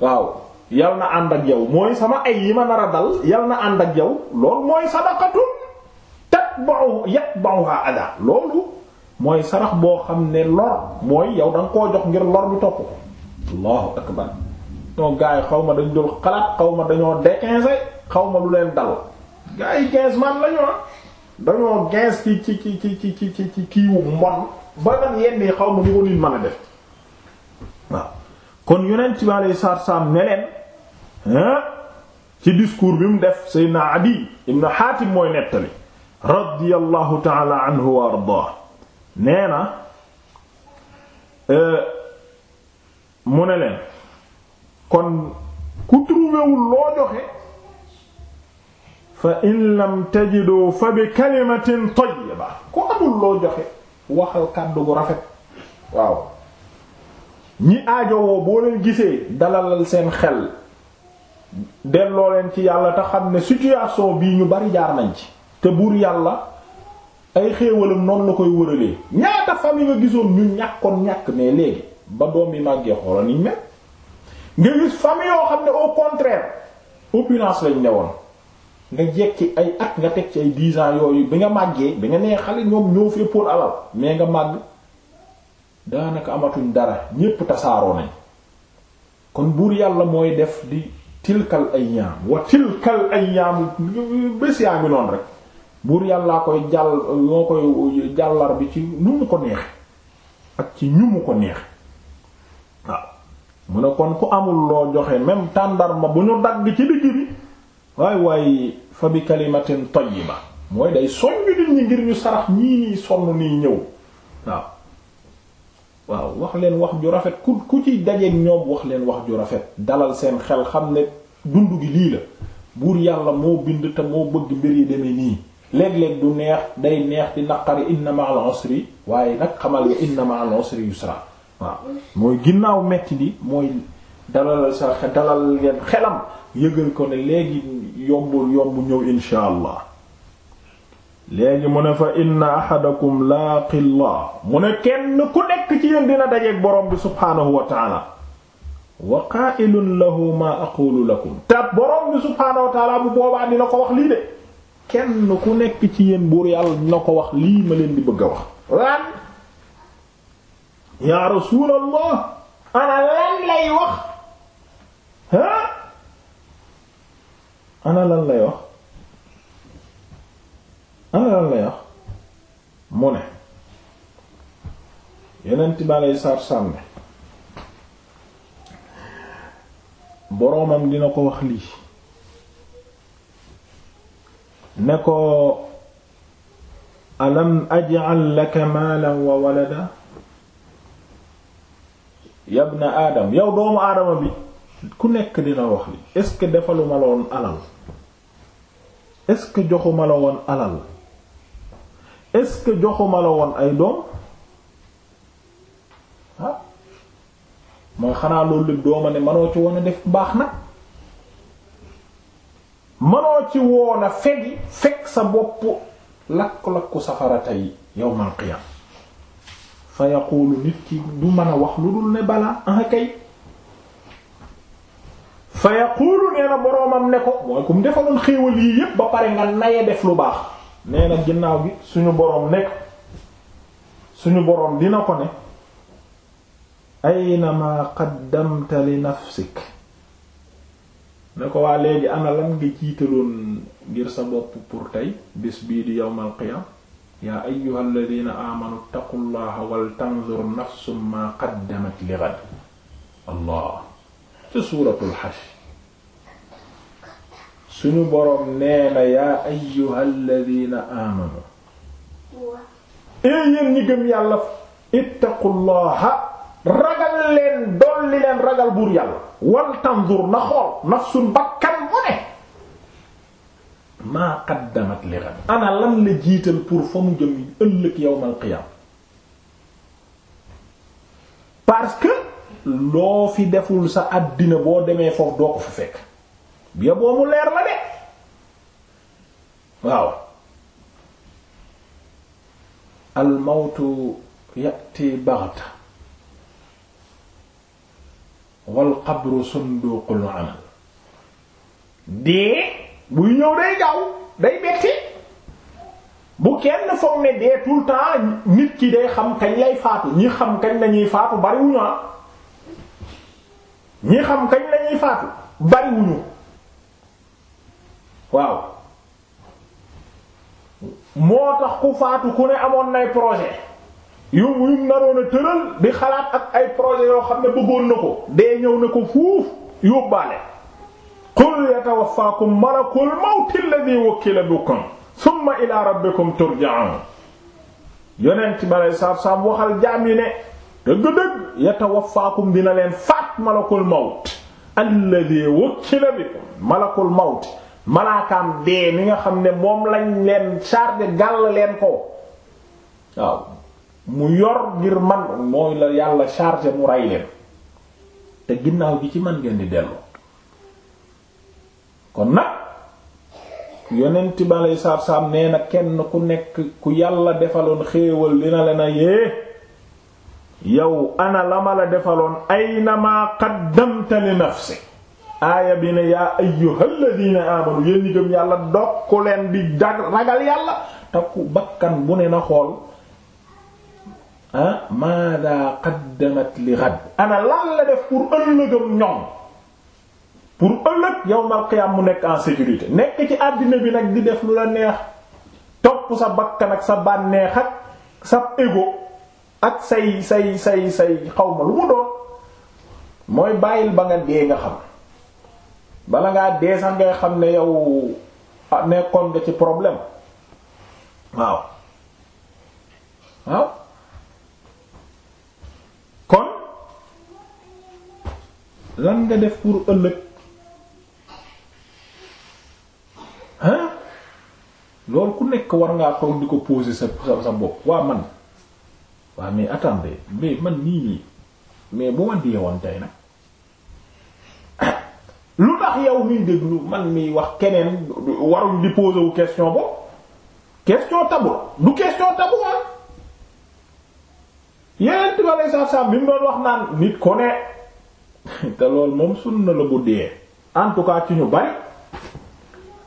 waaw yal na ànd ak yow mooy sama ay yi ma nar a dal yal na ànd ak yow lool mooy sadaqatun tatba'u yatba'uha ada loolu mooy sarax boo xam ne lor mooy yow da koo jox ngir lor bi topp ko allahu akbar non gars yi xaw ma dañ doon xalaat xaw ma dañoo déquinze xaw ma lu leen dal gars yi man lañu ah dañoo quinze ci ci ci ci ci ci ci kiiwu mbon ba man yenn yi xaw ma nu ko mën a def waaw kon yonent bi alayhi salaatu salaam ne leen ci discours bi mu def Seydina Adi ibn Hatim mooy nettali radiyallahu ta'ala anhu wa ardaa nee euh, mu ne leen kon ku trouvéwul loo joxe fa in lam tajidu fa bi kalimatin tayyiba ku amul loo joxe waxal kàddu gu rafet waaw ñi aajowoo boo leen gisee dalalal seen xel delloo leen ci yàlla te xam ne situation bii ñu bari jaar nañ ci te buur yàlla ay xéewalam noonu la koy wëralee ñaata famille nga gisoon ñu ñàkkoon ñàkk mais léegi ba doom yi màggee xoola niñ mel nga gis famille yoo xam ne au contraire opulence lañ ne woon nga jekki ay at nga teg ci ay dix yooyu bi nga màggee bi nga nee xale ñoom ñoo fi pour alal mais nga màgg daanaka amatuñ dara ñépp tasaaroo nañ kon buur yàlla mooy def di tilkal ayyaam wa tilkal ayyaam bés yaa ngi noonu rek buur yàlla koy jàll moo koy jàllar bi ci nu mu ko neex ak ci ñu mu ko neex mu ne kon ku amul loo joxe même tàndarma bu ñu dagg ci digg bi waaye waaye fa bi kalimatin tayyiba mooy day soññu nit ñi ngir ñu sarax ñii nii sonn nii ñëw waaw waaw wax leen wax ju rafet ku ku ci dajeeg ñoom wax leen wax ju rafet dalal seen xel xam ne dund gi lii la buur yàlla moo bind te moo bëgg mbir yi demee nii léeg-léeg du neex day neex di naqari inna ma'al usri waaye nag xamal nga inna ma'al usri yusra waaw mooy ginnaaw metti di mooy dalal sa dalal leen xelam yëgal ko ne léegi yombul yomb ñëw insha allah léegi mu ne fa inna ahadakum laaqillah mu ne kenn ku nekk ci yéen dina dajeeg borom bi subhaanahu wa taala wa ko lahu ma aqulu lakum ko wax lii de kenn ku nekk ci yéen buur yàlla dina ko wax lii ma leen di bëgg a wax yaa rasuulallah ana lan lay wax ah ana lan lay wax ana lan lay wax mu ne yeneen tibe alay saar sànne boroomam dina ko wax lii ne ko alam aj'al laka maalan wa yabna aadam yow doomu aadama bi ku nekk dina wax li est-ce que defaluma la woon alal est-ce que joxuma la woon alal est-ce que joxuma woon ay doom ah mooy xanaa loolu lépp dooma ne manoo ci woon a def baax na manoo ci woon a fegi fekk sa bopp lakk-lakku safara tey yow mal qiyam fa nit ki du mën a wax lu dul ne balaa ah kay fa nee na boroomam ne ko mooy ku mu defaloon xéewal yii yépp ba pare nga naye def lu baax nee na ginnaaw gi suñu boroom nekk suñu boroom dina ko ne aynama qaddamta li nafsik ne ko waa léegi ana lan jiitaloon ngir sa bopp pour tey bés bii di yawmal qiyam yaa ayyuha alladina amanu ttaqu llaha wal tanzur nafsum maa qaddamat li ghad allah te suuratul xashr suñu boroom nee na yaa ayyuha alladina amanu ee eh, yéen ñi gëm yàlla ittaqu llaha ragal leen dolli leen ragal buur yàlla wal tanzur na xool nafsun bakkan mu ne maa qaddamat li ghad ana la jiital pour fa mu jëm ëllëg yawmal qiyam parce que loo fi deful sa àddina boo demee foofu doo ko fa fekk bia boo mu leer la de waaw al mawtu yati baghta wal qabru sunduqul amal dee buy ñëw day gaaw day betti bu kenn foog ne dee tout le temps nit ki day xam kañ lay faatu ñi xam kañ lañuy faatu bariwuñu ah ñi xam kañ lañuy faatu bariwuñu waaw moo tax ku faatu ku ne amoon nay projet yu yu naroon a tëral di xalaat ak ay projet yoo xam ne bëggoon na ko dee ñëw na ko fuuf yóbbaale qul yatawaffaakum malakul mawti alladhi wukkila bikum thumma ila rabbikum turja'un yonent ba lay saab saab waxal jaam yi ne dëgg-dëgg yatawaffaakum dina leen faat malakul mawt alladhi wukkila malakul mawt malaakaam dee mi nga xam ne moom lañ leen chargé gàll leen ko waaw mu yor ngir man mooy la yàlla chargé mu rey leen te ginnaaw gi ci man ngeen di dellu kon nag yonent bi aleyhi salaatu nee na kenn ku nekk ku yàlla defaloon xéewal dina leen a yee yow ana la ma la defaloon aynama qaddamta li nafsi aaya bi ne yaa ayyuhalladhina amanu yéen ñi gëm yàlla dokk leen di dag ragal yàlla takku bakkan bu ne na xool ah maada qaddamat li ghad ana lan la def pour ëllëgam ñoom pour ëllëg yawmal qiyaam mu nekk en sécurité nekk ci àddina bi nag di def lu la neex topp sa bakkan ak sa bànneex ak sa ego ak say say say say xaw ma lu mu doon mooy bàyyil ba nga dee nga xam bala ngaa dee sax ngay xam ne yow ah, nekkoon nga ci problème waaw waaw kon lan nga def pour ëllëg ah loolu ku nekk war ngaa toog di ko poser sa sa bopp waa man waa mais attendez mais man nii nii mais bu ma deewoon tey nag lu tax yow miy déglu man miy wax keneen warul di poser wu question boobu question tabu du question tabu ah yeneen tubaab yi sax sax bi mu doon wax naan nit ko ne te loolu moom sunna la bu dee en ci ñu bari.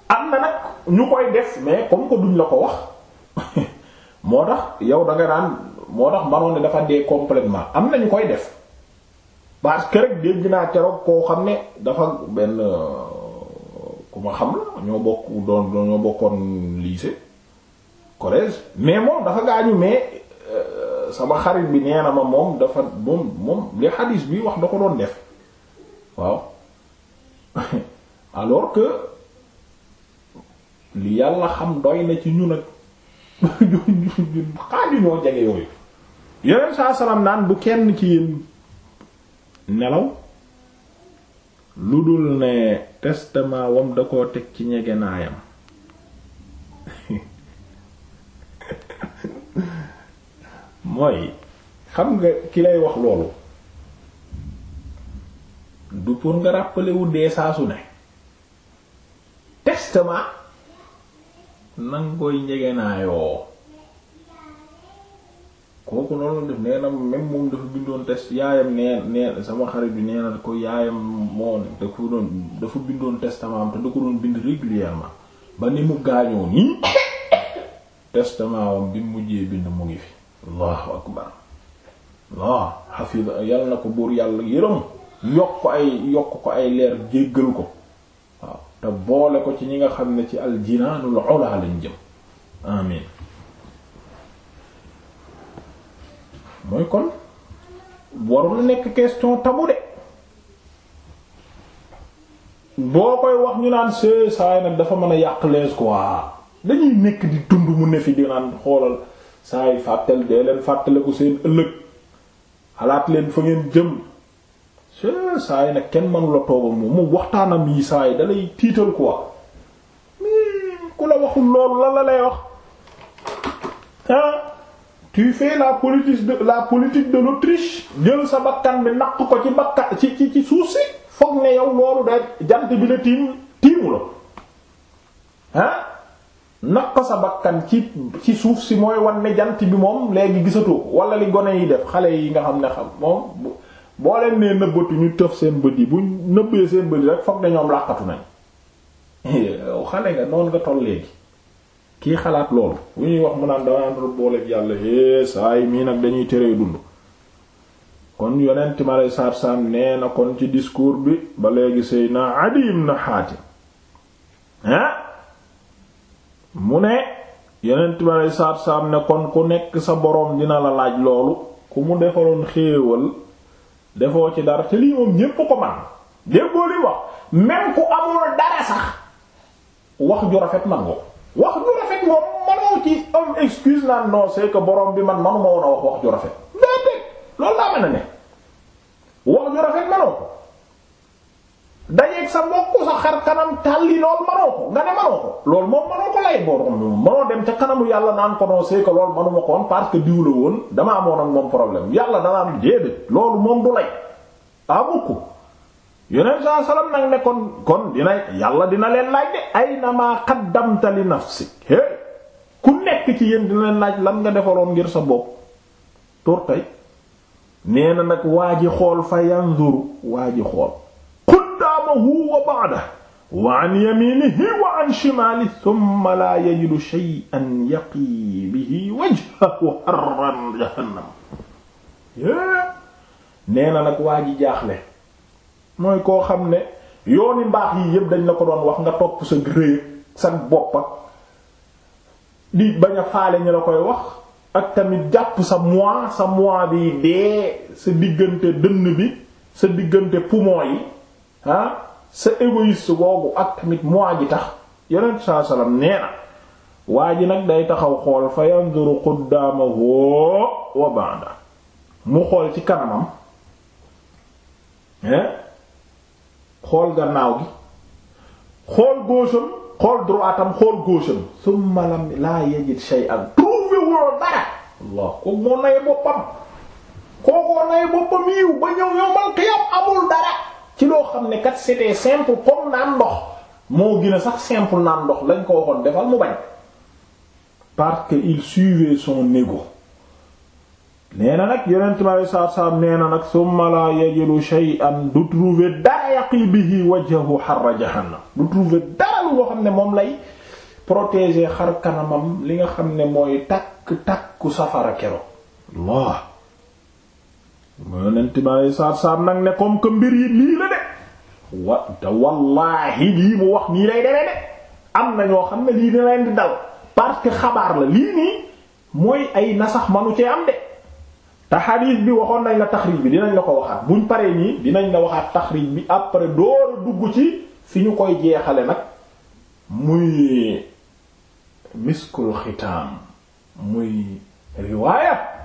am na nag ñu koy def mais comme que duñ la ko wax moo tax yow da nga naan moo tax manoon ne dafa dee complètement am na ñu koy def parce que rek dégg naa keroog koo xam ne dafa benn euh, ku ma xam la ñoo bokk doon ñoo bokkoon lycée collège mais moom dafa gaañu mais euh, sama xarit bi nee na ma moom dafa moom moom li xadiis bi wax da ko doon def waaw alors que. li yàlla xam doy na ci ñun ak xaaju ñoo jege yooyu yeneen saa salaam naan bu kenn ci yéen lu dul ne da koo teg ci ñege naayam mooy xam nga ki lay wax loolu du pour nga rappeler dee saa ne testament nanga koy njegenaayoo kooku noonu la def nee na moom dafa bindoon test yaayam nee nee sama xarit bi nee ko yaayam moo da dafa bindoon testament te da ko doon bind régulièrement ba ni mu gaañoo nii testament wam bi mujjee bind mu ngi fi allahu akbar allah hafiz yal na ko buur yàlla yërëm yokk ay yokk ko ay leer jéggal ko te boole ko ci ñi nga xam ne ci aljinaanul ula lañ jëm amin mooy kon warul nekk question tabu de boo koy wax ñu naan see saay nag dafa mën a yàq lees quoi dañuy nekk di dund mu ne fi di naan xoolal saay fàttal dee leen fàttaliku seen ëllëg xalaat leen fa ngeen jëm saa yi nag kenn mënu la toogal moom moom waxtaanam yi saa yi dalay tiital quoi hmm, ku la waxul loolu la la lay wax ah tu fais la politique de la politique de l'Autriche jël sa bakkan bi naq ko ci bakkan ci ci ci suuf si foog ne yow loolu day jant bi la tiim tiimu la ah naq sa bakkan ci ci suuf si mooy wan ne jant bi moom léegi gisatoo wala li gone yi def xale yi nga xam ne xam moom. boo leen nee nëbbatu ñu tëx seen bët yi bu nëbbee seen bët yi rek foog ne ñoom làqatu nañ eh, xale nga noonu nga toll léegi kii xalaat loolu bu ñuy wax mu naan dama naan booleeg yàlla é eh, saa yi mii nag dañuy teree dund kon yonent mi aleyhi salaatu salaam nee na kon ci discours bi ba léegi Seydina Adiy ibn Haatim ah mu ne yonent mi aleyhi salaatu salaam ne kon ku nekk sa boroom dina la laaj loolu ku mu defaloon xéewal defoo ci dara te lii moom ñépp ko man déggoo li wax même ku a dara sax wax ju rafet man nga wax ju rafet moom manoo ci am excuse naan non c'est que borom bi man manuma woon a wax wax ju rafet déedéet loolu laa mën a ne sa mbokk sa xar kanam tàlli loolu manoo ko nga ne manoo ko loolu moom manoo ko lay borom manoo dem ca kanamu yàlla naan ko non c'est que loolu manuma koon parce que diw woon dama amoon ak moom problème yàlla dana am déedéet loolu moom du lay abukku yonent saa salaam nag ne kon kon dina yàlla dina leen laaj de ay namaa qaddamta li nafsik hé ku nekk ci yéen dina leen laaj lan nga defaloon ngir sa bopp tóor tey nee nag waa ji xool fa yanzuru waa qidaamahu wa ba'dahu wa an yamiinihi wa an shimaalihi thumma laa yajidu shay'an yaqii bihi wajhahu harran jahannam nee na nag waa ji jaaxle mooy koo xam ne yooni mbaax yi yépp dañ la ko doon wax nga topp sa réeg sa boppa di bañ a faale ñu la koy wax ak tamit jàpp sa mois sa mois bi dee sa diggante dënn bi sa diggante poumon yi ah sa égoïste boobu ak tamit moi tax yonent saa salaam nee na waa ji nag day taxaw xool fa yanzuru quddaamahu wa ba'da mu xool ci kanamam hein eh, xool gannaaw gi xool gauche am xool droite am xool gauche am thumma lam laa yajid shay'an trouvé woo dara Allah ko moo nay boppam kookoo nay boppam yiw ba ñëw yow mal qiyam amul dara ci loo xam ne kat c'était simple comme naan ndox moo gina sax simple naan ndox lañ ko waxoon defal mu bañ parce que il suivait son ego nee na nag yonent mi alei saatu salaam nee na nag summa la yajidu shay'an du trouver dara yaqi bihi wajhahu harra jahannam du trouver dara loo xam ne moom lay protéger xar kanamam li nga xam ne mooy takk takku safara kero Allah mu yonent ma lay saar saar nag ne comme que mbir yi lii la de wa te wallaahi lii mu wax nii lay demee de am na ñoo xam ne lii dina leen di dal parce que xabaar la lii nii mooy ay nasax manu cee am de te xadiis bi waxoon nañ la taxriij bi dinañ la ko waxaat buñ paree nii dinañ la waxaat taxriij bi après door dugg ci fi ñu koy jeexale nag muy miskul xitaam muy riwaaya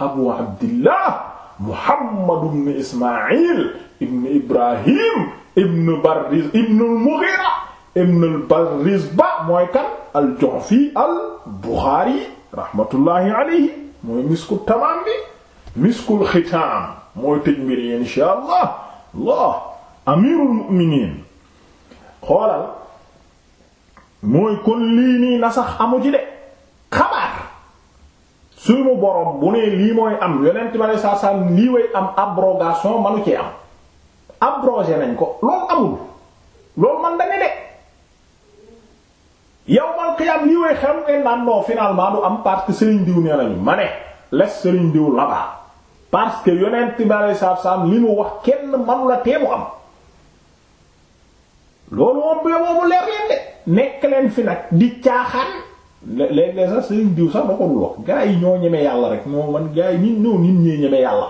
abu abdillah muhammad ibn ismail ibn ibrahim ibn barriz ibn al-mughira ibn al-barrizba mooy kan al-ju'fi al-bukhari rahmatullahi alayhi mooy misku tamaam bi miskul xitaam mooy tëj mbir yi insha allah allah amirul mu'minin xoolal mooy kon lii nii nasax amu ci de suñu borom bu nee lii mooy am yonent ma ne saa saa lii way am abrogation manu cee am abrogé nañ ko loolu amul loolu man dane de yawmal qiyaam lii way xam ngeen naan non finalement du am parce que Serigne Diou nee nañu ma ne les Serigne Diou parce que yonent ma ne saa saa mu wax kenn manu la teemu am loolu moom bu yowoo bu leer leen de nekk leen fi nag di caaxaan. léeg-léeg sax sëriñ diw sax da wax gaa yi ñoo ñeme yàlla rek moo man gaa yi nit ñoo nit ñee ñeme yàlla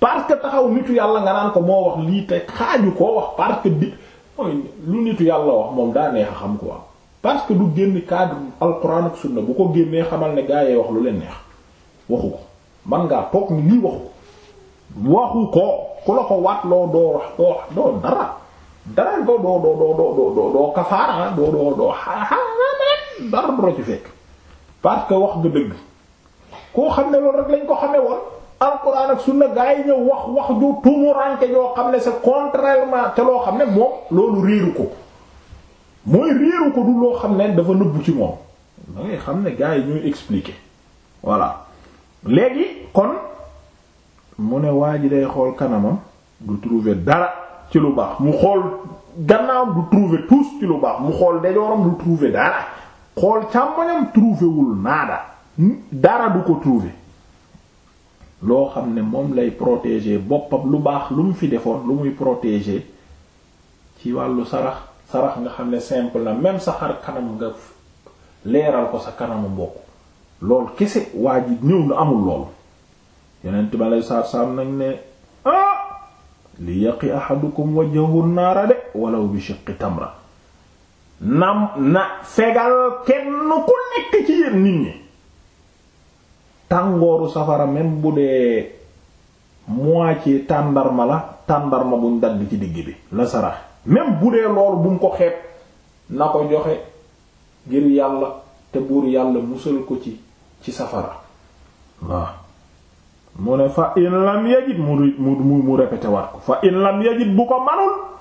parce que taxaw nitu yàlla nga naan ko moo wax lii te xaaju wax parce que di wax moom daa neex a xam quoi parce que du génn cadre alquran ak sunna bu ko génnee xamal ne gaa yee wax lu leen neex waxu ko man ngaa toog ni lii waxu waxu ko ku la ko waat loo doo wax doo dara dara doo doo doo doo doo doo doo kafaara doo doo doo xaaxaa dara du ci fekk parce que wax nga dëgg koo xam ne loolu rek lañ ko xamee woon alxuraan ak na gaa yi ñëw wax wax ju tumuranke yoo xam ne c'est contrairement te loo xam ne moom loolu riiru ko mooy riiru ko du loo xam ne dafa nëbbu ci moom da ngay xam ne gaa yi ñuy expliquer voilà léegi kon mu ne waa ji day xool kanamam du trouver dara ci lu baax mu xool gannaawam du trouver tous ci lu baax mu xool dajooram du trouver dara xool càmmoñam trouvé wul naada dara du ko trouvé loo xam ne moom lay protéger boppam lu baax lu mu fi defoon lu muy protégé ci wàllu sarax sarax nga xam ne simple na même sa xar kanam nga leeral ko sa kanamu mbokk lool kese waa ji ñëw na amul lool yeneen ba lay saar saam nañ ne ah li yaqi ahadukum wajhahu naara de walaw bi shiqqi tamra nam na fegal kenn ku nekk ci yéen nit ñi tàngooru safara même bu dee moitié tàndarma la tàndarma buñ dagg ci digg bi la sarax même bu dee loolu bu mu ko xeeb na ko joxe ngir yàlla te buur yàlla musal ko ci ci safara waaw mu ne fa in lam mu mu mu répété ko fa in lam bu ko manul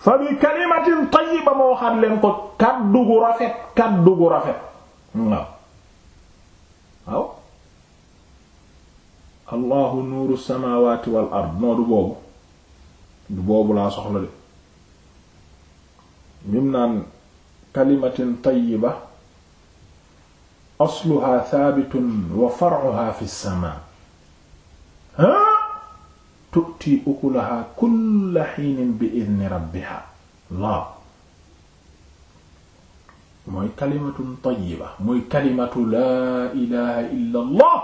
fa bi kalimatin tayyiba moo xam leen ko kaddu gu rafet kaddu gu rafet waaw waaw allahu nuuru samawati wal ard noo du boobu du boobu laa soxla de mim naan kalimatin tayyiba asluha thabitun wa far'uha fi as-samaa tu'ti ukulaha kulla hiinin bi idni rabbiha laa mooy kalimatun tayyiba mooy kalimatu laa ilaha illa allah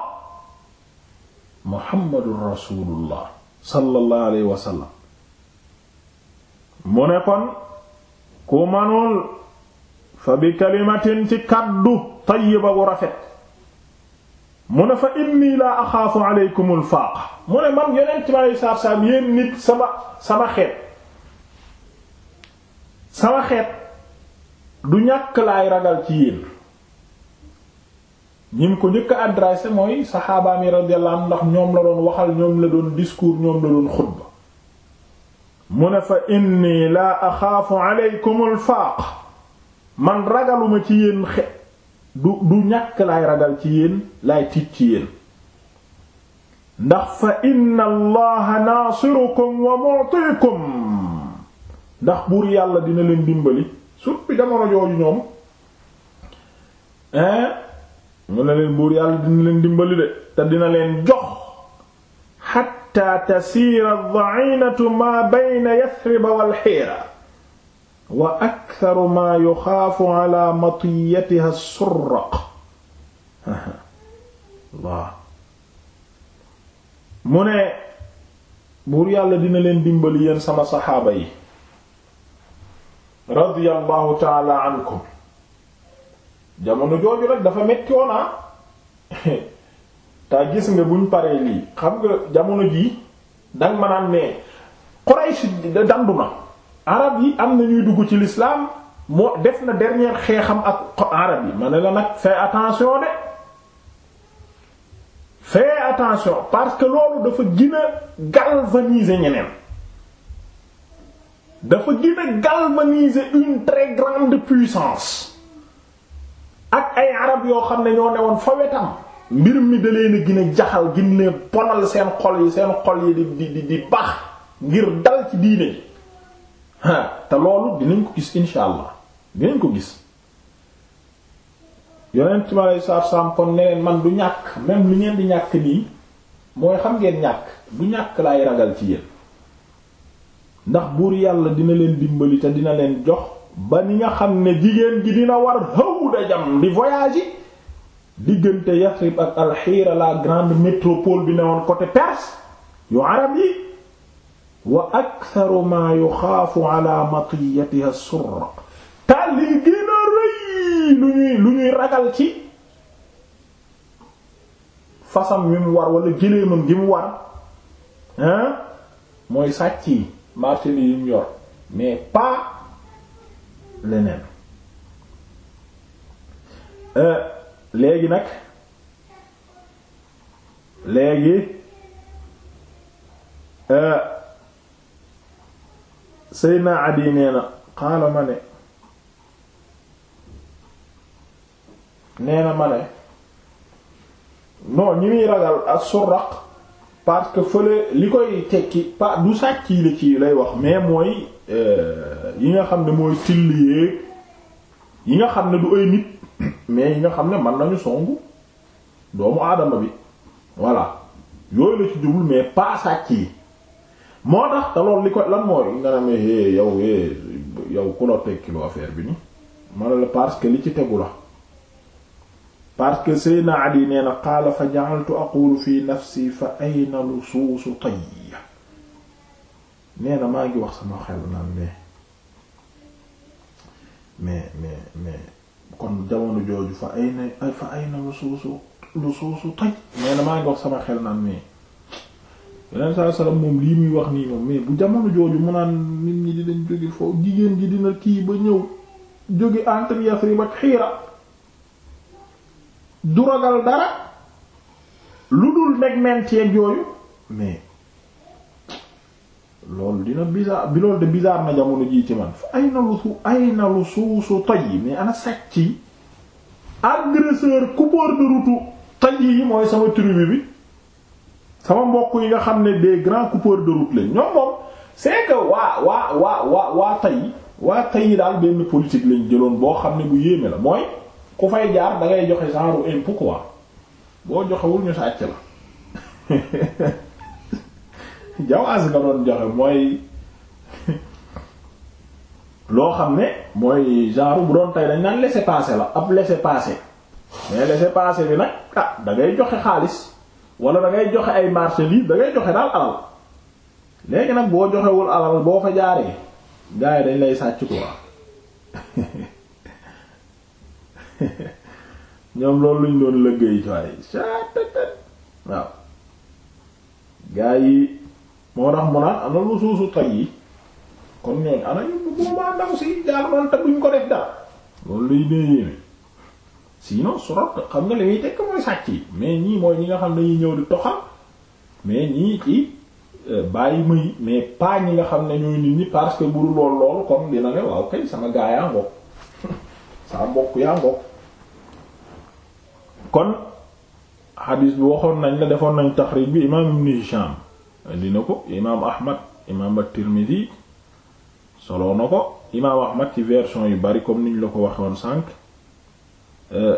muhammadun rasulullah sallallahu alayhi wa sallam mu ne kon ku manul fa bi kalimatin ci kaddu tayyiba bu rafet mu ne fa inni laa axaafu aleykumul faaq mu ne man yonent bi aleyhi salaatu salaam yéen nit sama sama xeet sama xeet du ñàkk laay ragal ci yéen ñim ko njëkk a adressé mooy saxaabaami radiyallahu anhu ndax ñoom la doon waxal ñoom la doon discours ñoom la doon xutba mu ne fa inni laa axaafu aleykumul faaq man ragaluma ci yéen xeet du du ñàkk lay ragal ci yéen laay tiit ci yéen ndax fa inna allaha naasirukum wa mu'tikum ndax buur yàlla dina leen dimbali sut bi jamono jooju ñoom hein mu ne leen buur yàlla dina leen dimbali de te dina leen jox hatta tasiira ad-da'inatu ma bayna yasriba wal hira wa aktharu ma yuxaafu ala matiyatiha as-surraq waaw mu ne buur yàlla dina leen dimbali yéen sama saxaaba yi radiyallahu taala ankum jamono jooju rek dafa metti woon ah. gis nga buñ paree lii xam nga jamono jii danga ma naan ne Quraysh dandu na arab yi am na ñuy dugg ci lislaam moo def na dernière xeexam ak arab yi ma ne la nag fais attention de fais attention parce que loolu dafa gën a galvaniser ñeneen dafa gën a galvaniser une très grande puissance ak ay arab yoo xam ne ñoo ne woon fa wetam mbir mi da leen a gën a jaxal gën leen seen xol yi seen xol yi di di di baax ngir dal ci diine ji te loolu dinañ ko gis insha allah dinañ ko gis yonent mi aleyhi salaatu kon ne leen man du ñàkk même lu ngeen di ñàkk nii mooy xam ngeen ñàkk du ñàkk laay ragal ci yéen ndax buur yàlla dina leen dimbali te dina leen jox ba ni nga xam ne jigéen gi dina war hëw da jam di voyage diggante Yathrib ak alxiira la grande métropole bi ne woon côté Perse yu arab yi wa aktharu ma yu ala matiyatiha as-surra te li rëy lu ñuy lu ñuy ragal ci fasam wi mu war wala géléemam gi mu war mooy sàcc yi marteli yi mu yor mais pas leneen euh, léegi nag léegi euh, Seydina Adi nee na ne nee na ma ne non ñi muy ragal ak surraq parce que fële li koy tekki pa du sàcc yi la ci lay wax mais mooy euh, yi nga xam ne mooy tilli yi nga xam ne du ay nit mais yi nga xam ne man nañu songu doomu aadama bi voilà yooyu la ci jubul mais pas sàcc yi moo tax te li ko lan mooy nga ne eh yow eh ku la tekkiloo affaire bi ni ma la parce que li ci tegu la parce que Seydina Ali nee na qaala fa ja'altu aqulu fi nafsi fa ayna na maa ngi wax sama xel kon jamono jooju fa ayna fa ayna na maa ngi wax sama xel naan mais. yeneen saa moom lii muy wax nii moom mais bu jamono jooju mu naan nit ñi di dañ jóge foofu jigéen ji dina kii ba ñëw jóge entre Yasrib ak Xiira du ragal dara lu dul nekk menteeg yooyu mais loolu dina bizarre bi loolu de bizarre na jamono jii ci man ay na suusu toj yi mais ana sàcc yi agresseur coupeur de toj yi mooy sama tribu bi sama mbokk yi nga xam ne des grands coupeurs de route lañ ñoom moom c'est que waa waa waa waa waa tey waa tey daal benn politique lañ jëloon boo xam ne bu yéeme la mooy ku fay jaar da ngay joxe genre impôt quoi boo joxewul ñu sàcc la jawaas nga doon joxe mooy loo xam ne mooy genre bu doon tey dañ naan laisser passer la ab laisser passer mais laisser passer bi nag ah da ngay joxe xaalis. wala dangay ngay joxe ay marché lii da ngay joxe daal alal léegi nag boo joxewul alal boo fa jaaree gars yi dañ lay sàcc quoi ñoom loolu luñ doon lëggéey cooy waaw gars yi moo tax mu naan am na lu suusu toj yi kon ñooñu ana ñu bu ma ndaw si jaar man te duñ ko def dara loolu lay dee yéeme sinon surat xam nga la muy tekk mais ñii mooy ñi nga xam ne dañuy ñëw di toxal mais ñii ci euh, bàyyi muy mais pas ñi nga xam ne ñooy nit ñi parce que buru lool lool kon dina ne waaw kay sama gaa yaa ngoog sama mbokk yaa ngoog kon xadiis bi waxoon nañ la defoon nañ taxrij bi imaam ibn Hisham indi na ko imaam Ahmad imaam at-Tirmidhi soloo na ko imaam Ahmad ci version yu bari comme niñ la ko waxoon sànq Eh,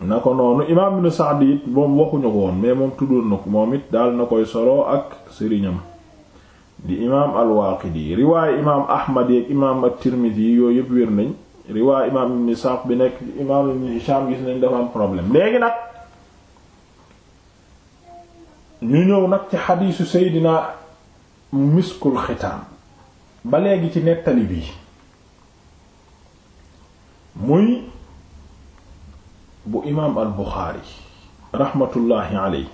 na ko noonu imaam ibn Sa'd it moom waxuñu ko woon mais moom tuddoon na moom it daal na koy solo ak sëriñam di imaam al-Waaqidi riwaay imaam Ahmad yeeg imaam at yooyu yëpp wér nañ riwaay imaam ibn Isaaq bi nekk imaam ibn Hishaam gis nañ dafa am problème léegi nag ñu ñëw nag ci xadiisu Seydina Miskul Xitaam ba léegi ci nettali bi muy bu imaam al Buxaari raxmatullaahi aley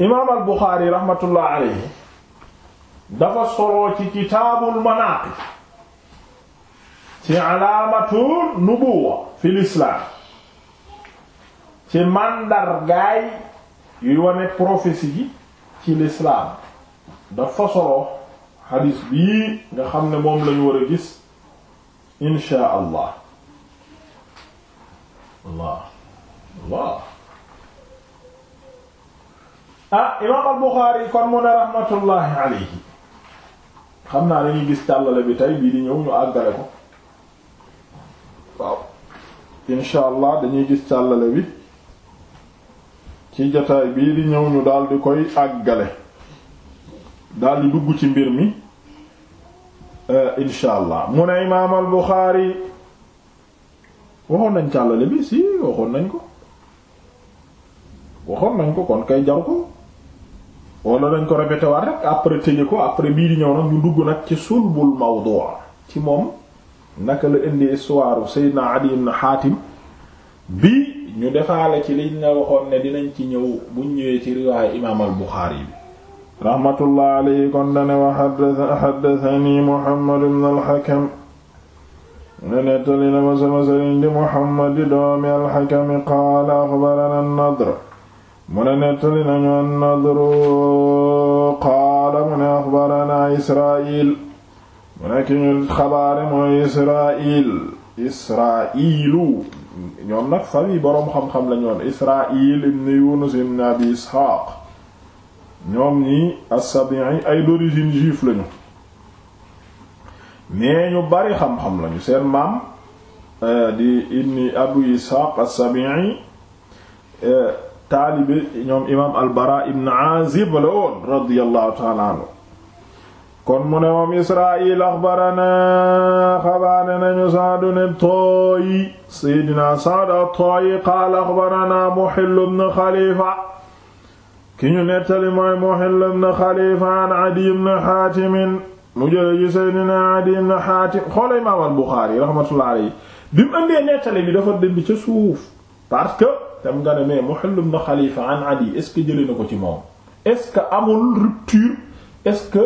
imaam al Buxaari raxmatullaahi aley dafa soloo ci kitaabul manaaqib ci alaamatu nubuwa fil islaam ci màndargaay yuy wane prophétie ci lislaam dafa soloo xadis bii nga xam ne moom lañu war a gis insha allah allah ah, imaam al Buxaari kon mu ne raxmatullahi alayhi xam naa dañuy gis tàllale bi tey bii di ñëw ñu àggale ko insha allah dañuy gis tàllale bi ci jotaay bii di ñëw ñu daal koy àggale daal dugg ci mbir mi Euh, insha allah mu ne imaam al Buxaari waxoon nañ càllale bi si waxoon nañ ko waxoon nañ ko kon kay jaw ko wala dañ ko répété waat rek après tëje ko après bii di ñëw nag ñu dugg nag ci sulbul mawdu ci moom naka la indi histoire Seydina Adi ibn Hatim bi ñu defaale ci liñ la waxoon ne dinañ ci ñëw buñ ñëwee ci riwaayu imaam al Buxaari bi rahmatullah alayhi kon dane wa xaddatani Muhammad ibn hakam Muhammad di al-Hakam qaala axbarana an-Nadr mu ne nettali axbarana Israa'iil mu ne ki ñu xabaare mooy Israa'iil Israa'iilu ñoom nag famille boroom xam-xam Abi Isxaaq ñoom ñi assabii ay d'origine juif lañu mais ñu bari xam-xam lañu seen maam euh, di ibni abu isxaaq assabii euh, taalibe ñoom imaam albara ibn azib la woon radiyallahu taala anhu kon mu ne moom israil axbarana xabaane nañu saadune tooyi seydina saada tooyi qaala axbarana muhillu ibn xalifa ki ñu nettali mooy Muhill ibn Xalifa an Adiy ibn Xaatim mu jële ji Seydina Adiy ibn Xaatim xoola imaam al-Buxaari rahmatullah bi mu ëndee nettali bi dafa dënd ca suuf parce que tam nga ne mais Muhill ibn Xalifa an Adiy est-ce na ko ci moom est-ce que amul rupture est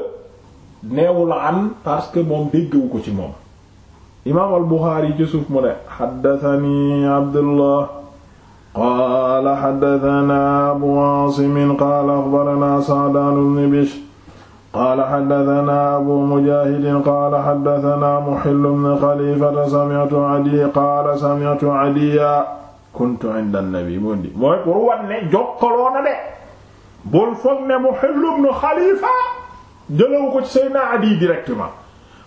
neewul an parce que moom déggewu ko ci moom imaam al ca suuf mu ne xaddatani Abdullah qaala xaddatanaa abu aasimin qaala axbaranaa saadaanu bni bishr qaala xaddatanaa abu mujaahidin qaala xaddatanaa muxillu bni xalifata sami'tu adiy qaala sami'tu adiya kuntu inda nabi mu ndi mooy pour wan ne jokkaloona de bul foog ne muxillu bni xalifa jëlaw ko ci Seydina Adiy directement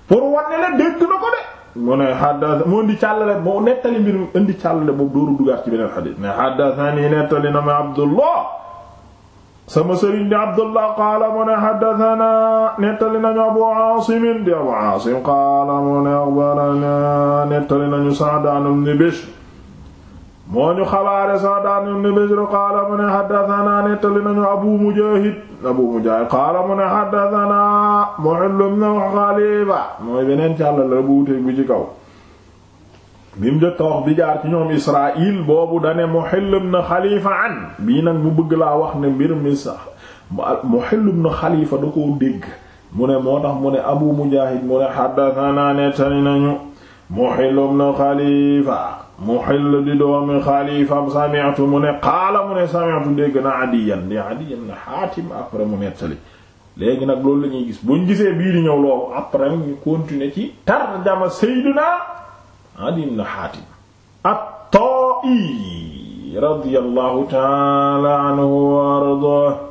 pour wan ne la dégg na ko de mu ne xadda mu indi càllale moo nettali mbir mi indi càllale boobu dooru dugaat ci beneen xadiis ne xaddathani nettali na ma abdullah sama sëriñ di abdullah qaala mu ne xaddathana nettali nañu abu aasim di abu aasim qaala mu ne axbarana nettali nañu sa'd ibn bishr moo ñu xabaare Sa'daan ibn Bishr qaala mu ne haddathanaa nettali nañu Abu Mujaahid Abu Mujaahid qaala mu ne haddathanaa Muhill ibn Khalifa mooy beneen càlla la bu wuteeg bi ci kaw bi mu njëkk a wax bi jaar ci ñoom Israaïl boobu dane Muhill ibn Khalifa an bii nag mu bëgg laa wax ne mbir mi sax Muhill ibn Khalifa da koo dégg mu ne moo tax mu ne Abu Mujaahid mu ne haddathanaa nettali nañu Muhill ibn Khalifa Muhill di doomi Xalifa sami'tu mu ne qaala mu ne sami'tu dégg na Adiyan di Adiyan na Xaatim après mu nettali léegi nag loolu la ñuy gis buñ gisee bii di ñëw loolu après ñu continuer ci tarjama Seydina Adiy ibn Xaatim at-Taa'i radiyallahu ta'ala anhu wa ardaahu